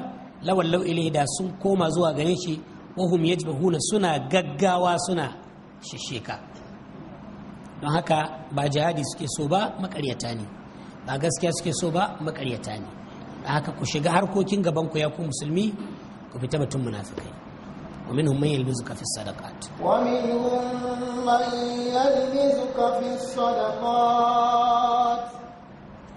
lawan ilayhi da sun koma zuwa gare shi wahum yajbahuna suna gaggawa suna shisheka don haka ba jihadi suke so ba makaryata ne ba gaskiya suke so ba makaryata ne don haka ku shiga harkokin gaban ku ya ku musulmi ku fita batun munafikai ومنهم من يلمزك في الصدقات ومنهم من يلمزك في الصدقات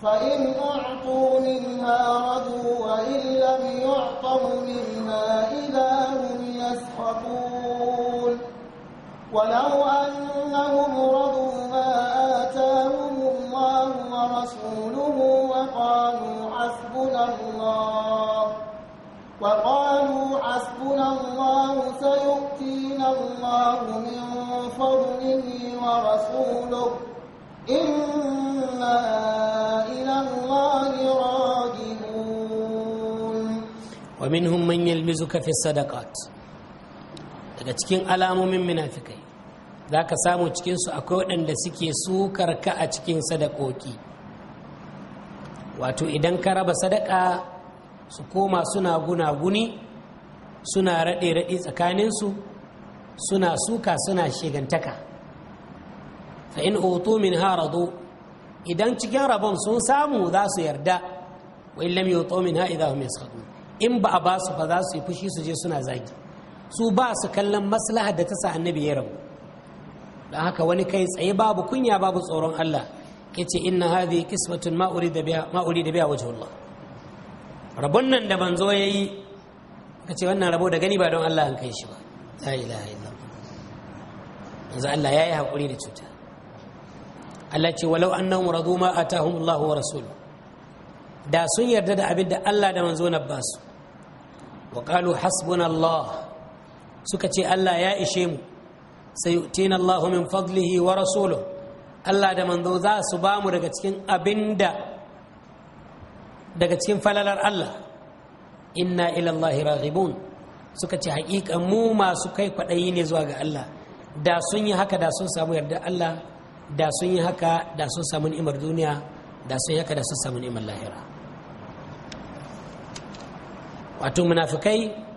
فإن أعطوا منها رضوا وإن لم يعطوا منها إذا هم يسخطون ولو أنهم رضوا ما آتاهم الله ورسوله وقالوا حسبنا الله وقالوا حسبنا الله سيؤتينا الله من فضله ورسوله إنا إلى الله راجعون ومنهم من يلمزك في الصدقات daga cikin alamomin munafikai za ka samu cikinsu akwai waɗanda suke sukar ka a cikin sadakoki wato idan ka raba sadaka su koma suna gunaguni suna raɗe-raɗe tsakaninsu suna suka suna shigantaka fa in otu min harado idan cikin rabon sun samu za su yarda wa in yi min ha idahum mai in ba a ba su fa za su yi fushi su je suna zagi su ba su kallon maslahar da ta sa annabi ya rabu da haka wani kai tsaye babu kunya babu tsoron Allah ya ce inna hadhi qismatun ma urida biha ma urida biha wajhullah rabon nan da ban zo ya yi. ka ce wannan rabo da gani ba don Allah an kai shi ba la ilaha illallah yanzu Allah ya yi hakuri da cuta Allah ce walau annahum radu ma atahum Allah wa rasul. da sun yarda da abin da Allah da manzo na basu wa qalu hasbunallah suka ce Allah ya ishe mu sai yu'tina Allahu min fadlihi wa rasuluhu Allah da manzo za su ba mu daga cikin abinda daga cikin falalar Allah inna ila Allah raghibun suka ce hakika mu masu kai kwaɗayi ne zuwa ga Allah da sun yi haka da sun samu yarda Allah da sun yi haka da sun samu ni'imar duniya da sun yi haka da sun samu ni'imar lahira wato munafikai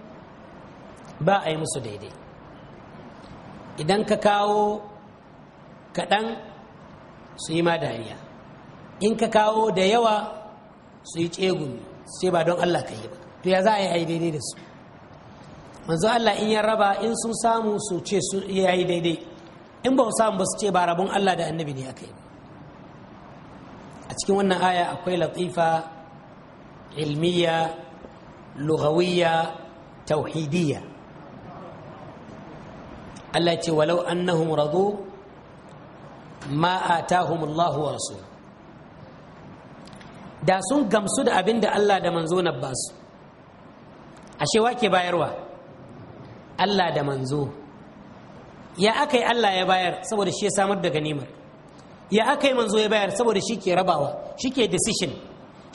ba a yi musu daidai idan ka kawo kaɗan su yi ma dariya in ka kawo da yawa su yi tsegumi sai ba don allah ka yi ba to ya za a yi a yi daidai da su manzo allah in ya raba in sun samu su ce su ya yi daidai in ba samu ba su ce ba rabon allah da annabi ne aka yi a cikin wannan aya akwai latifa ilmiya lughawiyya tauhidiyya Allah ce walau annahum radu ma atahum Allah wa rasul da sun gamsu da abin da Allah da manzo na ba su ashe wake bayarwa Allah da manzo ya aka yi Allah ya bayar saboda shi ya samar da ganimar ya aka yi manzo ya bayar saboda shi ke rabawa shi ke decision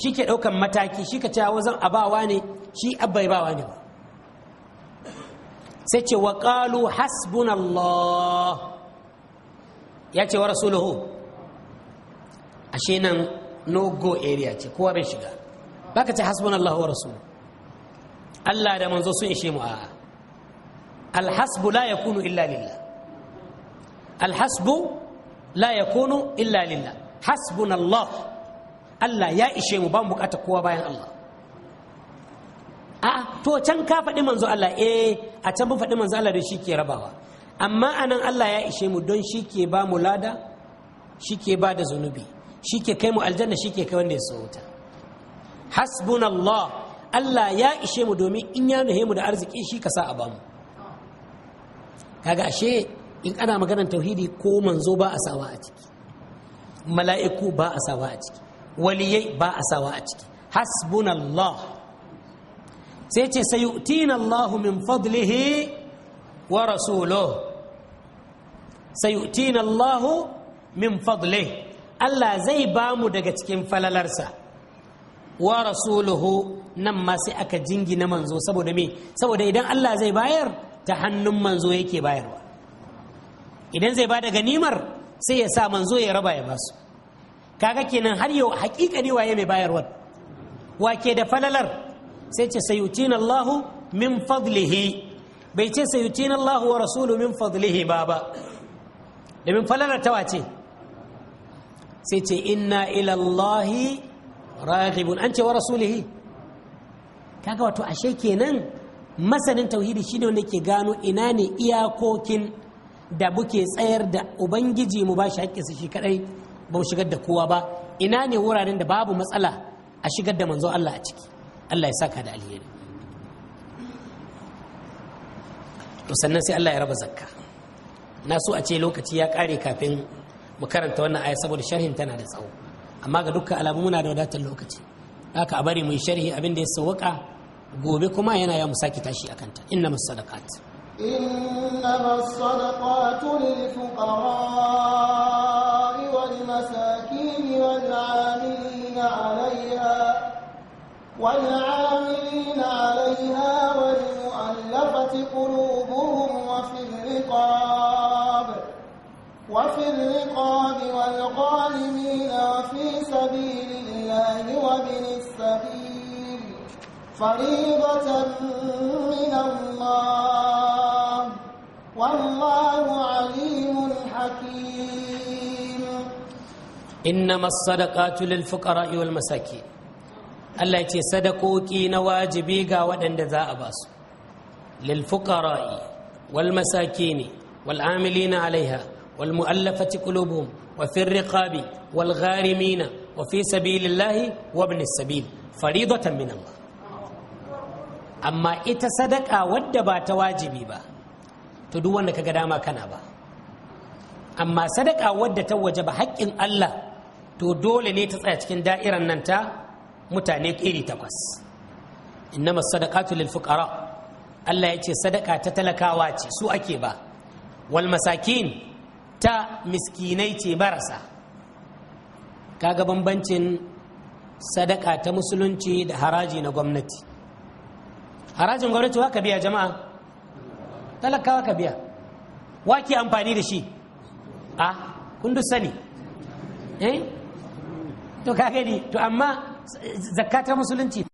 shi ke ɗaukan mataki shi ka cewa wazan abawa ne shi abbai bawa ne ba sai ce wa qalu hasbunallah ya ce wa rasuluhu ashe nan no go area ce kowa bai shiga Ba baka ce hasbunallah wa rasuluhu Allah da manzo sun ishe mu a'a alhasbu la ya yakunu illa lillah alhasbu la ya yakunu illa lillah hasbunallah Allah ya ishe mu ba mu bukata kowa bayan Allah a'a to can ka faɗi manzo Allah eh a can mun faɗi manzo Allah da shi ke rabawa amma anan Allah ya ishe mu don shi ke ba mu lada shi ke ba da zunubi shi ke kai mu aljanna shi ke kai wanda ya sauta hasbunallah Allah ya ishe mu domin in ya nuhe mu da arziki shi ka sa a bamu kaga ashe in ana maganar tauhidi ko manzo ba a sawa a ciki mala'iku ba a sawa a ciki waliyai ba a sawa a ciki hasbunallah sai ce sayu'tina Allahu min fadlihi wa rasuluhu Allahu min fadlihi Allah zai ba mu daga cikin falalarsa wa rasuluhu nan ma sai aka jingina manzo saboda me saboda idan Allah zai bayar ta hannun manzo yake bayarwa idan zai ba da ganimar sai ya sa manzo ya raba ya basu kaga kenan har yau haƙiƙa ne waye mai bayarwar wake da falalar sai ce sayutina Allahu min fadlihi bai ce sayutina Allahu wa rasulu min fadlihi ba ba domin falalar ta wace sai ce inna ilallahi Allahi raghibun an ce wa rasulihi kaga wato ashe kenan masanin tauhidi shine wanda ke gano ina ne iyakokin da muke tsayar da ubangiji mu ba shi haƙƙinsa shi kadai ba mu shigar da kowa ba ina ne wuraren da babu matsala a shigar da manzo Allah a ciki Allah ya saka da alheri to sannan sai Allah ya raba zakka na so a ce lokaci ya kare kafin mu karanta wannan aya saboda sharhin tana da tsawo amma ga dukkan alamu muna da wadatar lokaci haka a bari mu sharhi abin da ya sauka gobe kuma yana ya mu saki tashi a ta inna masadaqat إنما الصدقات للفقراء والمساكين والعاملين عليها والمؤلفة قلوبهم وفي الرقاب وفي الرقاب والغالمين وفي سبيل الله وابن السبيل فريضة من الله والله عليم حكيم إنما الصدقات للفقراء والمساكين Allah ce sadakoki na wajibi ga waɗanda za a basu lil fuqara'i wal masakini wal amilina alaiha wal mu'allafati qulubuhum wa fi riqabi wal gharimina wa fi sabilillahi wa sabil amma ita sadaka wadda ba ta wajibi ba to duk wanda ga dama kana ba amma sadaka wadda ta waje ba haƙƙin Allah to dole ne ta tsaya cikin da'iran nan ta mutane iri takwas innama sadaqatu lil fuqara Allah ya ce sadaka ta talakawa ce su ake ba wal masakin ta miskinai ce marasa kaga bambancin sadaka ta musulunci da haraji na gwamnati harajin gwamnati wa ka biya jama'a talakawa ka biya wa ke amfani da shi a ah, kun sani eh to ka gani to amma zakka ta musulunci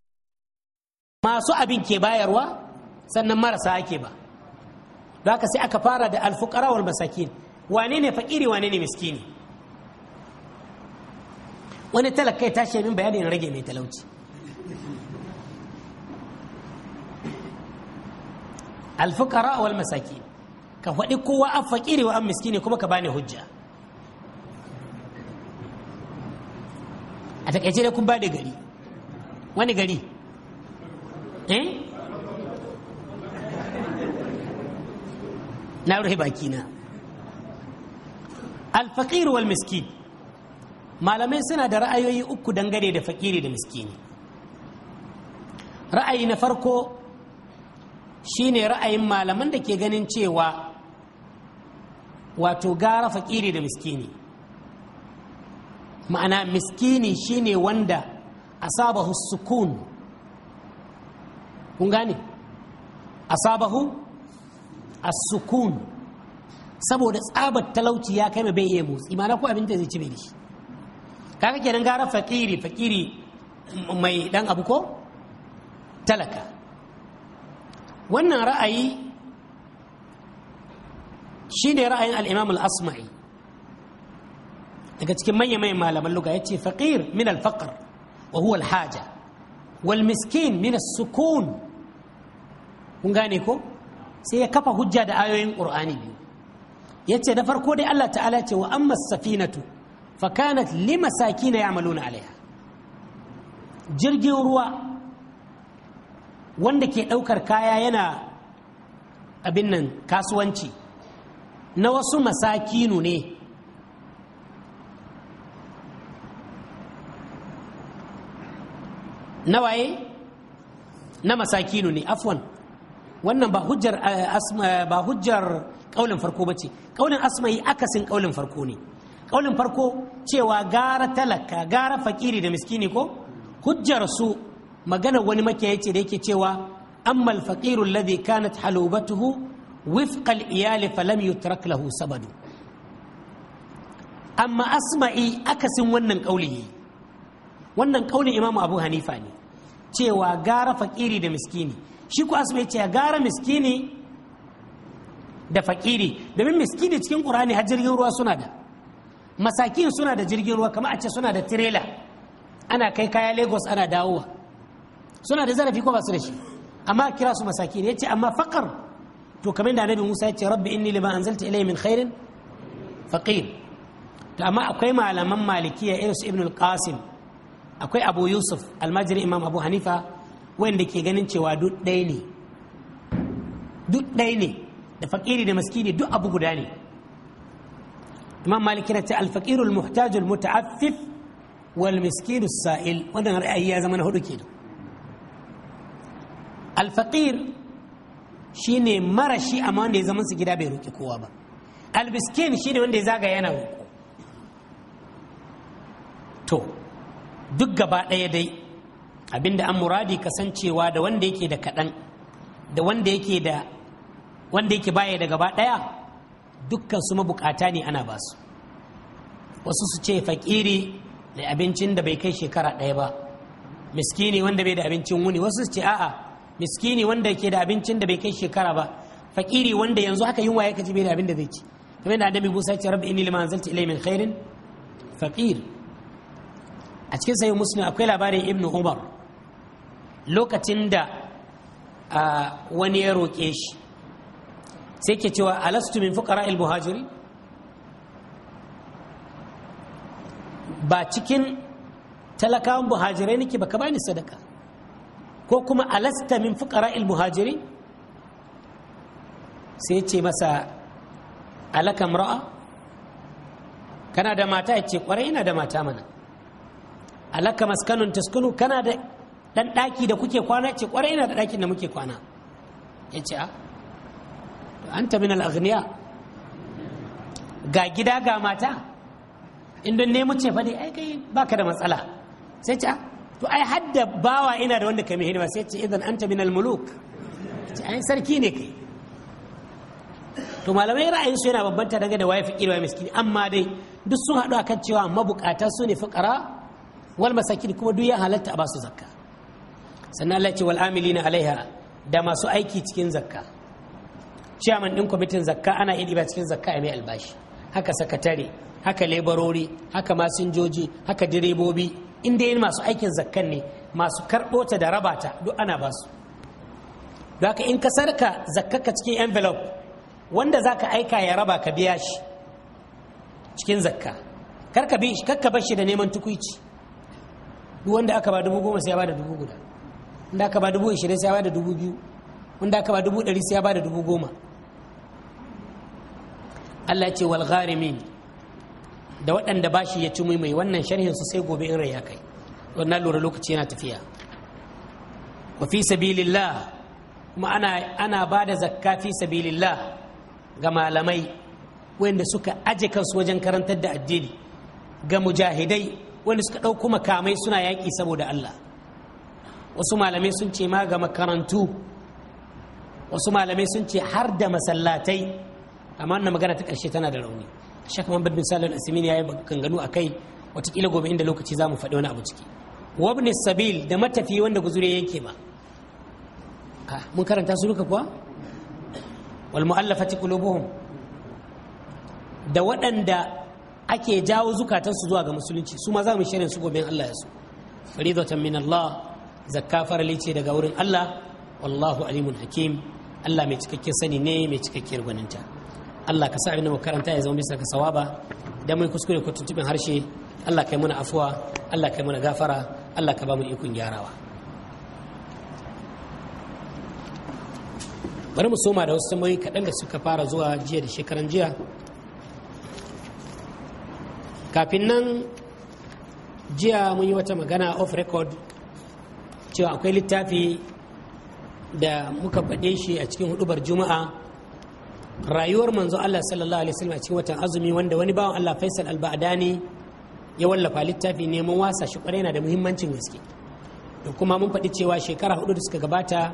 masu abin ke bayarwa sannan marasa ake ba da haka sai aka fara da alfukara wal masakin wane ne fakiri wane ne miskini wani talakai ta min bayanin rage mai talauci alfukara wal masakin ka faɗi kowa an fakiri wa an miskini kuma ka bani hujja takaice da kun ba da gari wani gari eh na rufe bakina alfaƙir wal miskin malamai suna da ra'ayoyi uku dangane da fakiri da miskini ra'ayi na farko shine ra'ayin malaman da ke ganin cewa wato gara fakiri da miskini ma'ana miskini shine wanda asabahu sukun kun gane asabahu sukun saboda tsabar talauci ya kai bai iya motsi ma'ana ko abin da zai ci bai da shi kaga kenan gara fakiri fakiri mai dan abu ko talaka wannan ra'ayi shine ra'ayin al-imam al-asma'i daga cikin manya manyan malaman luga ya ce faƙir min alfaƙar wa huwa alhaja wal miskin min sukun kun gane ko sai ya kafa hujja da ayoyin ƙur'ani biyu ya ce na farko dai Allah ta'ala ce wa amma safinatu fa kanat lima sakina ya'maluna alaiha jirgin ruwa wanda ke ɗaukar kaya yana abin nan kasuwanci na wasu masakinu ne na waye na masakinu ne afwan wannan ba hujjar eh, ba hujjar kaulin farko bace kaulin asma'i akasin kaulin farko ne kaulin farko cewa gara talaka gara fakiri da miskini ko hujjar su magana wani makiyayi ce da yake cewa ammal faqiru alladhi kanat halubatuhu wifqa al-iyali falam yutrak lahu sabadu amma asma'i akasin wannan kauli wannan kaulin imamu abu hanifa ne cewa gara fakiri da miskini shi ku asibai ce gara miskini da fakiri domin miskini cikin ƙurani har jirgin ruwa suna da masakin suna da jirgin ruwa kamar a ce suna da tirela ana kai kaya lagos ana dawowa suna da zarafi ko ba su da shi amma kira su masakin ya ce amma faƙar to kamar da annabi musa ya ce rabbi inni lima anzalta ilayya min khairin faqir to amma akwai malaman malikiya irin su ibn al-qasim akwai abu yusuf almajirin imam abu hanifa wanda ke ganin cewa duk ɗaya ne duk ɗaya ne da fakiri da maskini duk abu guda ne imam malik yana ce alfaqirul muhtajul muta'affif wal miskinu sa'il wannan ra'ayi ya zama na hudu kenan alfaqir shine marashi amma wanda ya zama su gida bai roki kowa ba albiskin shine wanda ya zaga yana roƙo to duk gaba ɗaya dai abinda an muradi kasancewa da wanda yake da kaɗan da wanda yake da wanda yake baya da gaba ɗaya dukkan su mabukata ne ana basu wasu su ce fakiri da abincin da bai kai shekara ɗaya ba miskini wanda bai da abincin wuni wasu su ce a'a miskini wanda ke da abincin da bai kai shekara ba fakiri wanda yanzu haka yunwa ya kaji bai da abin da zai ci kamar da annabi Musa ce rabbi inni lima anzalta ilayya min khairin faqir a cikin sayi muslim akwai labarin ibn umar lokacin da wani ya roƙe shi sai ke cewa alastu min fukara al ba cikin talakawan muhajirai nake ka bani sadaka ko kuma alasta min fukara al sai ce masa alaka ra'a kana da mata ya ce kwarai ina da mata mana alaka maskanun taskunu kana da dan daki da kuke kwana ce kwarai ina da dakin da muke kwana ya ce a anta min al-aghniya ga gida ga mata inda ne mu ce fa dai ai kai baka da matsala sai ce to ai hadda bawa ina da wanda kai mai hidima sai ce idan anta min al-muluk ce ai sarki ne kai to malamai ra'ayin su yana babbanta daga da waye fakiri waye miskini amma dai duk sun haɗu akan cewa mabukata su ne fuqara wal masakin kuma duk ya halatta a basu zakka sannan Allah ce wal amilina alaiha da masu aiki cikin zakka ciyaman din kwamitin zakka ana iya diba cikin zakka a mai albashi haka sakatare haka lebarori haka masinjoji haka direbobi inda yin masu aikin zakkan ne masu karɓo ta da raba ta duk ana basu da haka in ka sarka zakkaka cikin envelope wanda za ka aika ya raba ka biya shi cikin zakka karka bi karka bar shi da neman tukuici duk wanda aka ba dubu goma sai ya ba da dubu guda wanda aka ba dubu ishirin sai ya ba da dubu biyu wanda aka ba dubu ɗari sai ya ba da dubu goma Allah ce wal gharimin da waɗanda bashi ya ci mai wannan sharhin su sai gobe in rai ya kai wannan lura lokaci yana tafiya wa fi sabilillah kuma ana ana ba da zakka fi sabilillah ga malamai wanda suka aje kansu wajen karantar da addini ga mujahidai wanda suka ɗauko makamai suna yaƙi saboda Allah wasu malamai sun ce ma ga makarantu wasu malamai sun ce har da masallatai amma wannan magana ta ƙarshe tana da rauni shek muhammad bin salim asimin ya yi kanganu a kai watakila gobe inda lokaci za mu faɗi wani abu ciki wabni sabil da matafi wanda guzure yake ba mun karanta su duka kuwa wal mu'allafati qulubuhum da waɗanda ake jawo zukatansu zuwa ga musulunci su ma za mu shirin su gobe Allah ya so faridatan min Allah zakka farali ce daga wurin Allah wallahu alimun hakim Allah mai cikakken sani ne mai cikakkiyar gwaninta Allah ka sa abin da mu karanta ya zama bisa ka sawaba da mai kuskure ko tuntuɓin harshe Allah kai muna afuwa Allah kai muna gafara Allah ka ba mu ikon gyarawa bari mu soma da wasu tambayoyi kaɗan da suka fara zuwa jiya da shekaran jiya kafin nan jiya mun yi wata magana off record cewa akwai littafi da muka faɗe shi a cikin hudubar juma'a rayuwar manzo Allah sallallahu alaihi wasallam a cikin watan azumi wanda wani bawan Allah Faisal Al-Ba'dani ya wallafa littafi neman wasa shi kwarai yana da muhimmancin gaske da kuma mun faɗi cewa shekara hudu da suka gabata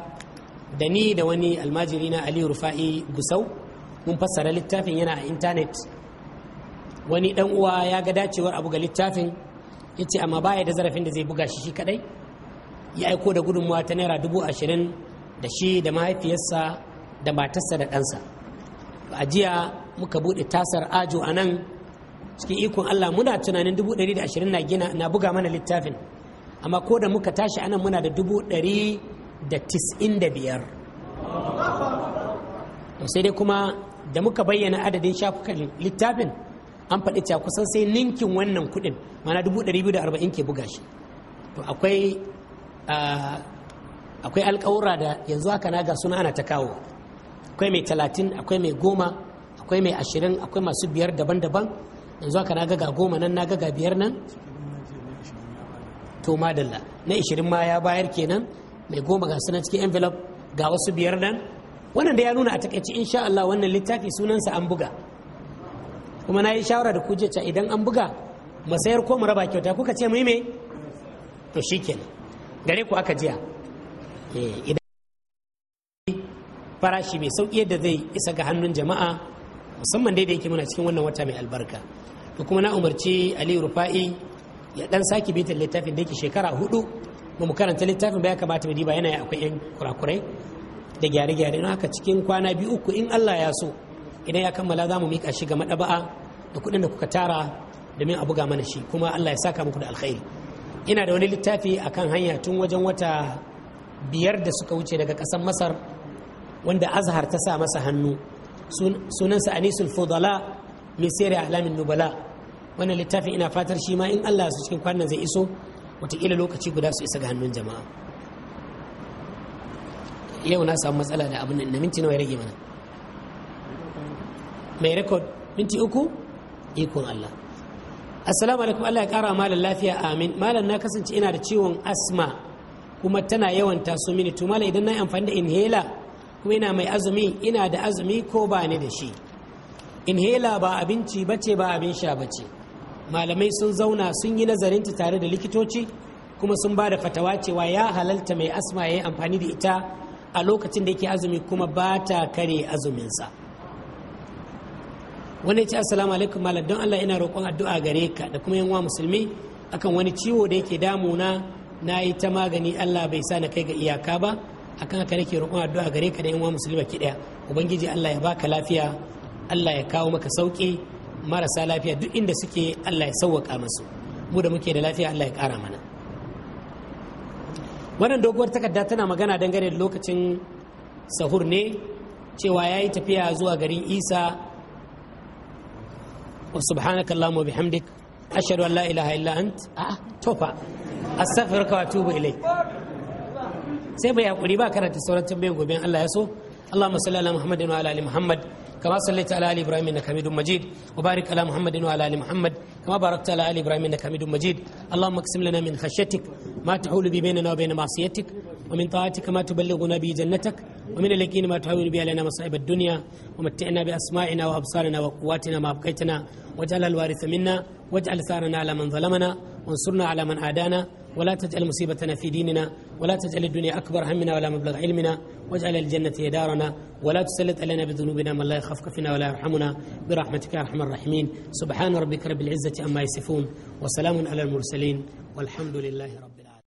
da ni da wani almajiri na Aliyu Rufa'i Gusau mun fassara littafin yana a intanet wani dan uwa ya ga dacewar abu ga littafin ya ce amma baya da zarafin da zai buga shi shi kadai ya aiko da gudunmawa ta naira dubu ashirin da shi da mahaifiyarsa da matarsa da ɗansa a jiya muka buɗe tasar ajo a nan cikin ikon allah muna tunanin dubu ɗari da ashirin na gina na buga mana littafin amma ko da muka tashi anan muna da dubu ɗari da tis'in da biyar sai dai kuma da muka bayyana adadin shafukan littafin an faɗi cewa kusan sai ninkin wannan kuɗin mana dubu ɗari biyu da arba'in ke buga shi to akwai akwai alƙawura da yanzu haka na ga suna ana ta kawo akwai mai talatin akwai mai goma akwai mai ashirin akwai masu biyar daban-daban yanzu haka na ga ga goma nan na ga ga biyar nan to madalla na ishirin ma ya bayar kenan mai goma ga suna cikin envelope ga wasu biyar nan wannan da ya nuna a takaici insha Allah wannan littafi sunansa an buga kuma na yi shawara da ku jeca idan an buga masayar ko mu raba kyauta kuka ce mai me to shikenan gare ku aka jiya eh, idan farashi mai sauki yadda zai isa ga hannun jama'a musamman dai da yake muna cikin wannan wata mai albarka to kuma na umarci ali rufa'i ya dan sake bitan littafin da yake shekara hudu ba mu karanta littafin ba ya kamata mu diba yana akwai yan kurakurai da gyare-gyare na haka cikin kwana biyu uku in Allah ya so idan ya kammala za mu miƙa shi ga maɗaba'a da kuɗin da kuka tara domin a buga mana shi kuma Allah ya saka muku da alkhairi ina da wani littafi akan hanya tun wajen wata biyar da suka wuce daga ƙasar masar wanda azhar ta sa masa hannu sunansa anisul fudala min sirri alamin nubala wannan littafin ina fatar shi ma in Allah su cikin kwanan zai iso wataƙila lokaci guda su isa ga hannun jama'a yau na samu matsala da abin da minti nawa ya rage mana mai rekod minti uku ikon Allah assalamu alaikum Allah ya kara malam lafiya amin malam na kasance ina da ciwon asma kuma tana yawan taso mini to malam idan na yi amfani da inhaler kuma ina mai azumi ina da azumi ko ba ni da shi inhaler ba abinci bace ba abin sha bace malamai sun zauna sun yi nazarinta tare da likitoci kuma sun ba da fatawa cewa ya halalta mai asma ya yi amfani da ita a lokacin da yake azumi kuma ba ta kare azuminsa wanda ya ce assalamu alaikum malam don Allah ina roƙon addu'a gare ka da kuma yanwa musulmi akan wani ciwo da yake damuna na yi ta magani Allah bai sa na kai ga iyaka ba akan haka nake roƙon addu'a gare ka da yanwa musulmi baki daya ubangiji Allah ya baka lafiya Allah ya kawo maka sauki marasa lafiya duk inda suke Allah ya sauwaka musu mu da muke da lafiya Allah ya ƙara mana wannan doguwar takarda tana magana dangane da lokacin sahur ne cewa ya yi tafiya zuwa garin isa وسبحانك اللهم وبحمدك أشهد sai bai hakuri ba karanta sauran tambayoyin gobe Allah ya so Allahumma salli ala Muhammadin wa ala ali Muhammad kama sallaita ala ali wa barik ala Muhammadin wa ala ali Muhammad kama barakta ala ali Ibrahim innaka lana min khashyatik ma tahulu bi bainana wa bain ومن طاعتك ما تبلغنا به جنتك ومن اليقين ما تهون به علينا مصائب الدنيا ومتعنا بأسماعنا وأبصارنا وقواتنا ما أبقيتنا واجعل الوارث منا واجعل ثارنا على من ظلمنا وانصرنا على من عادانا ولا تجعل مصيبتنا في ديننا ولا تجعل الدنيا أكبر همنا ولا مبلغ علمنا واجعل الجنة هي دارنا ولا تسلط علينا بذنوبنا من لا يخافك فينا ولا يرحمنا برحمتك يا أرحم الراحمين سبحان ربك رب العزة عما يصفون وسلام على المرسلين والحمد لله رب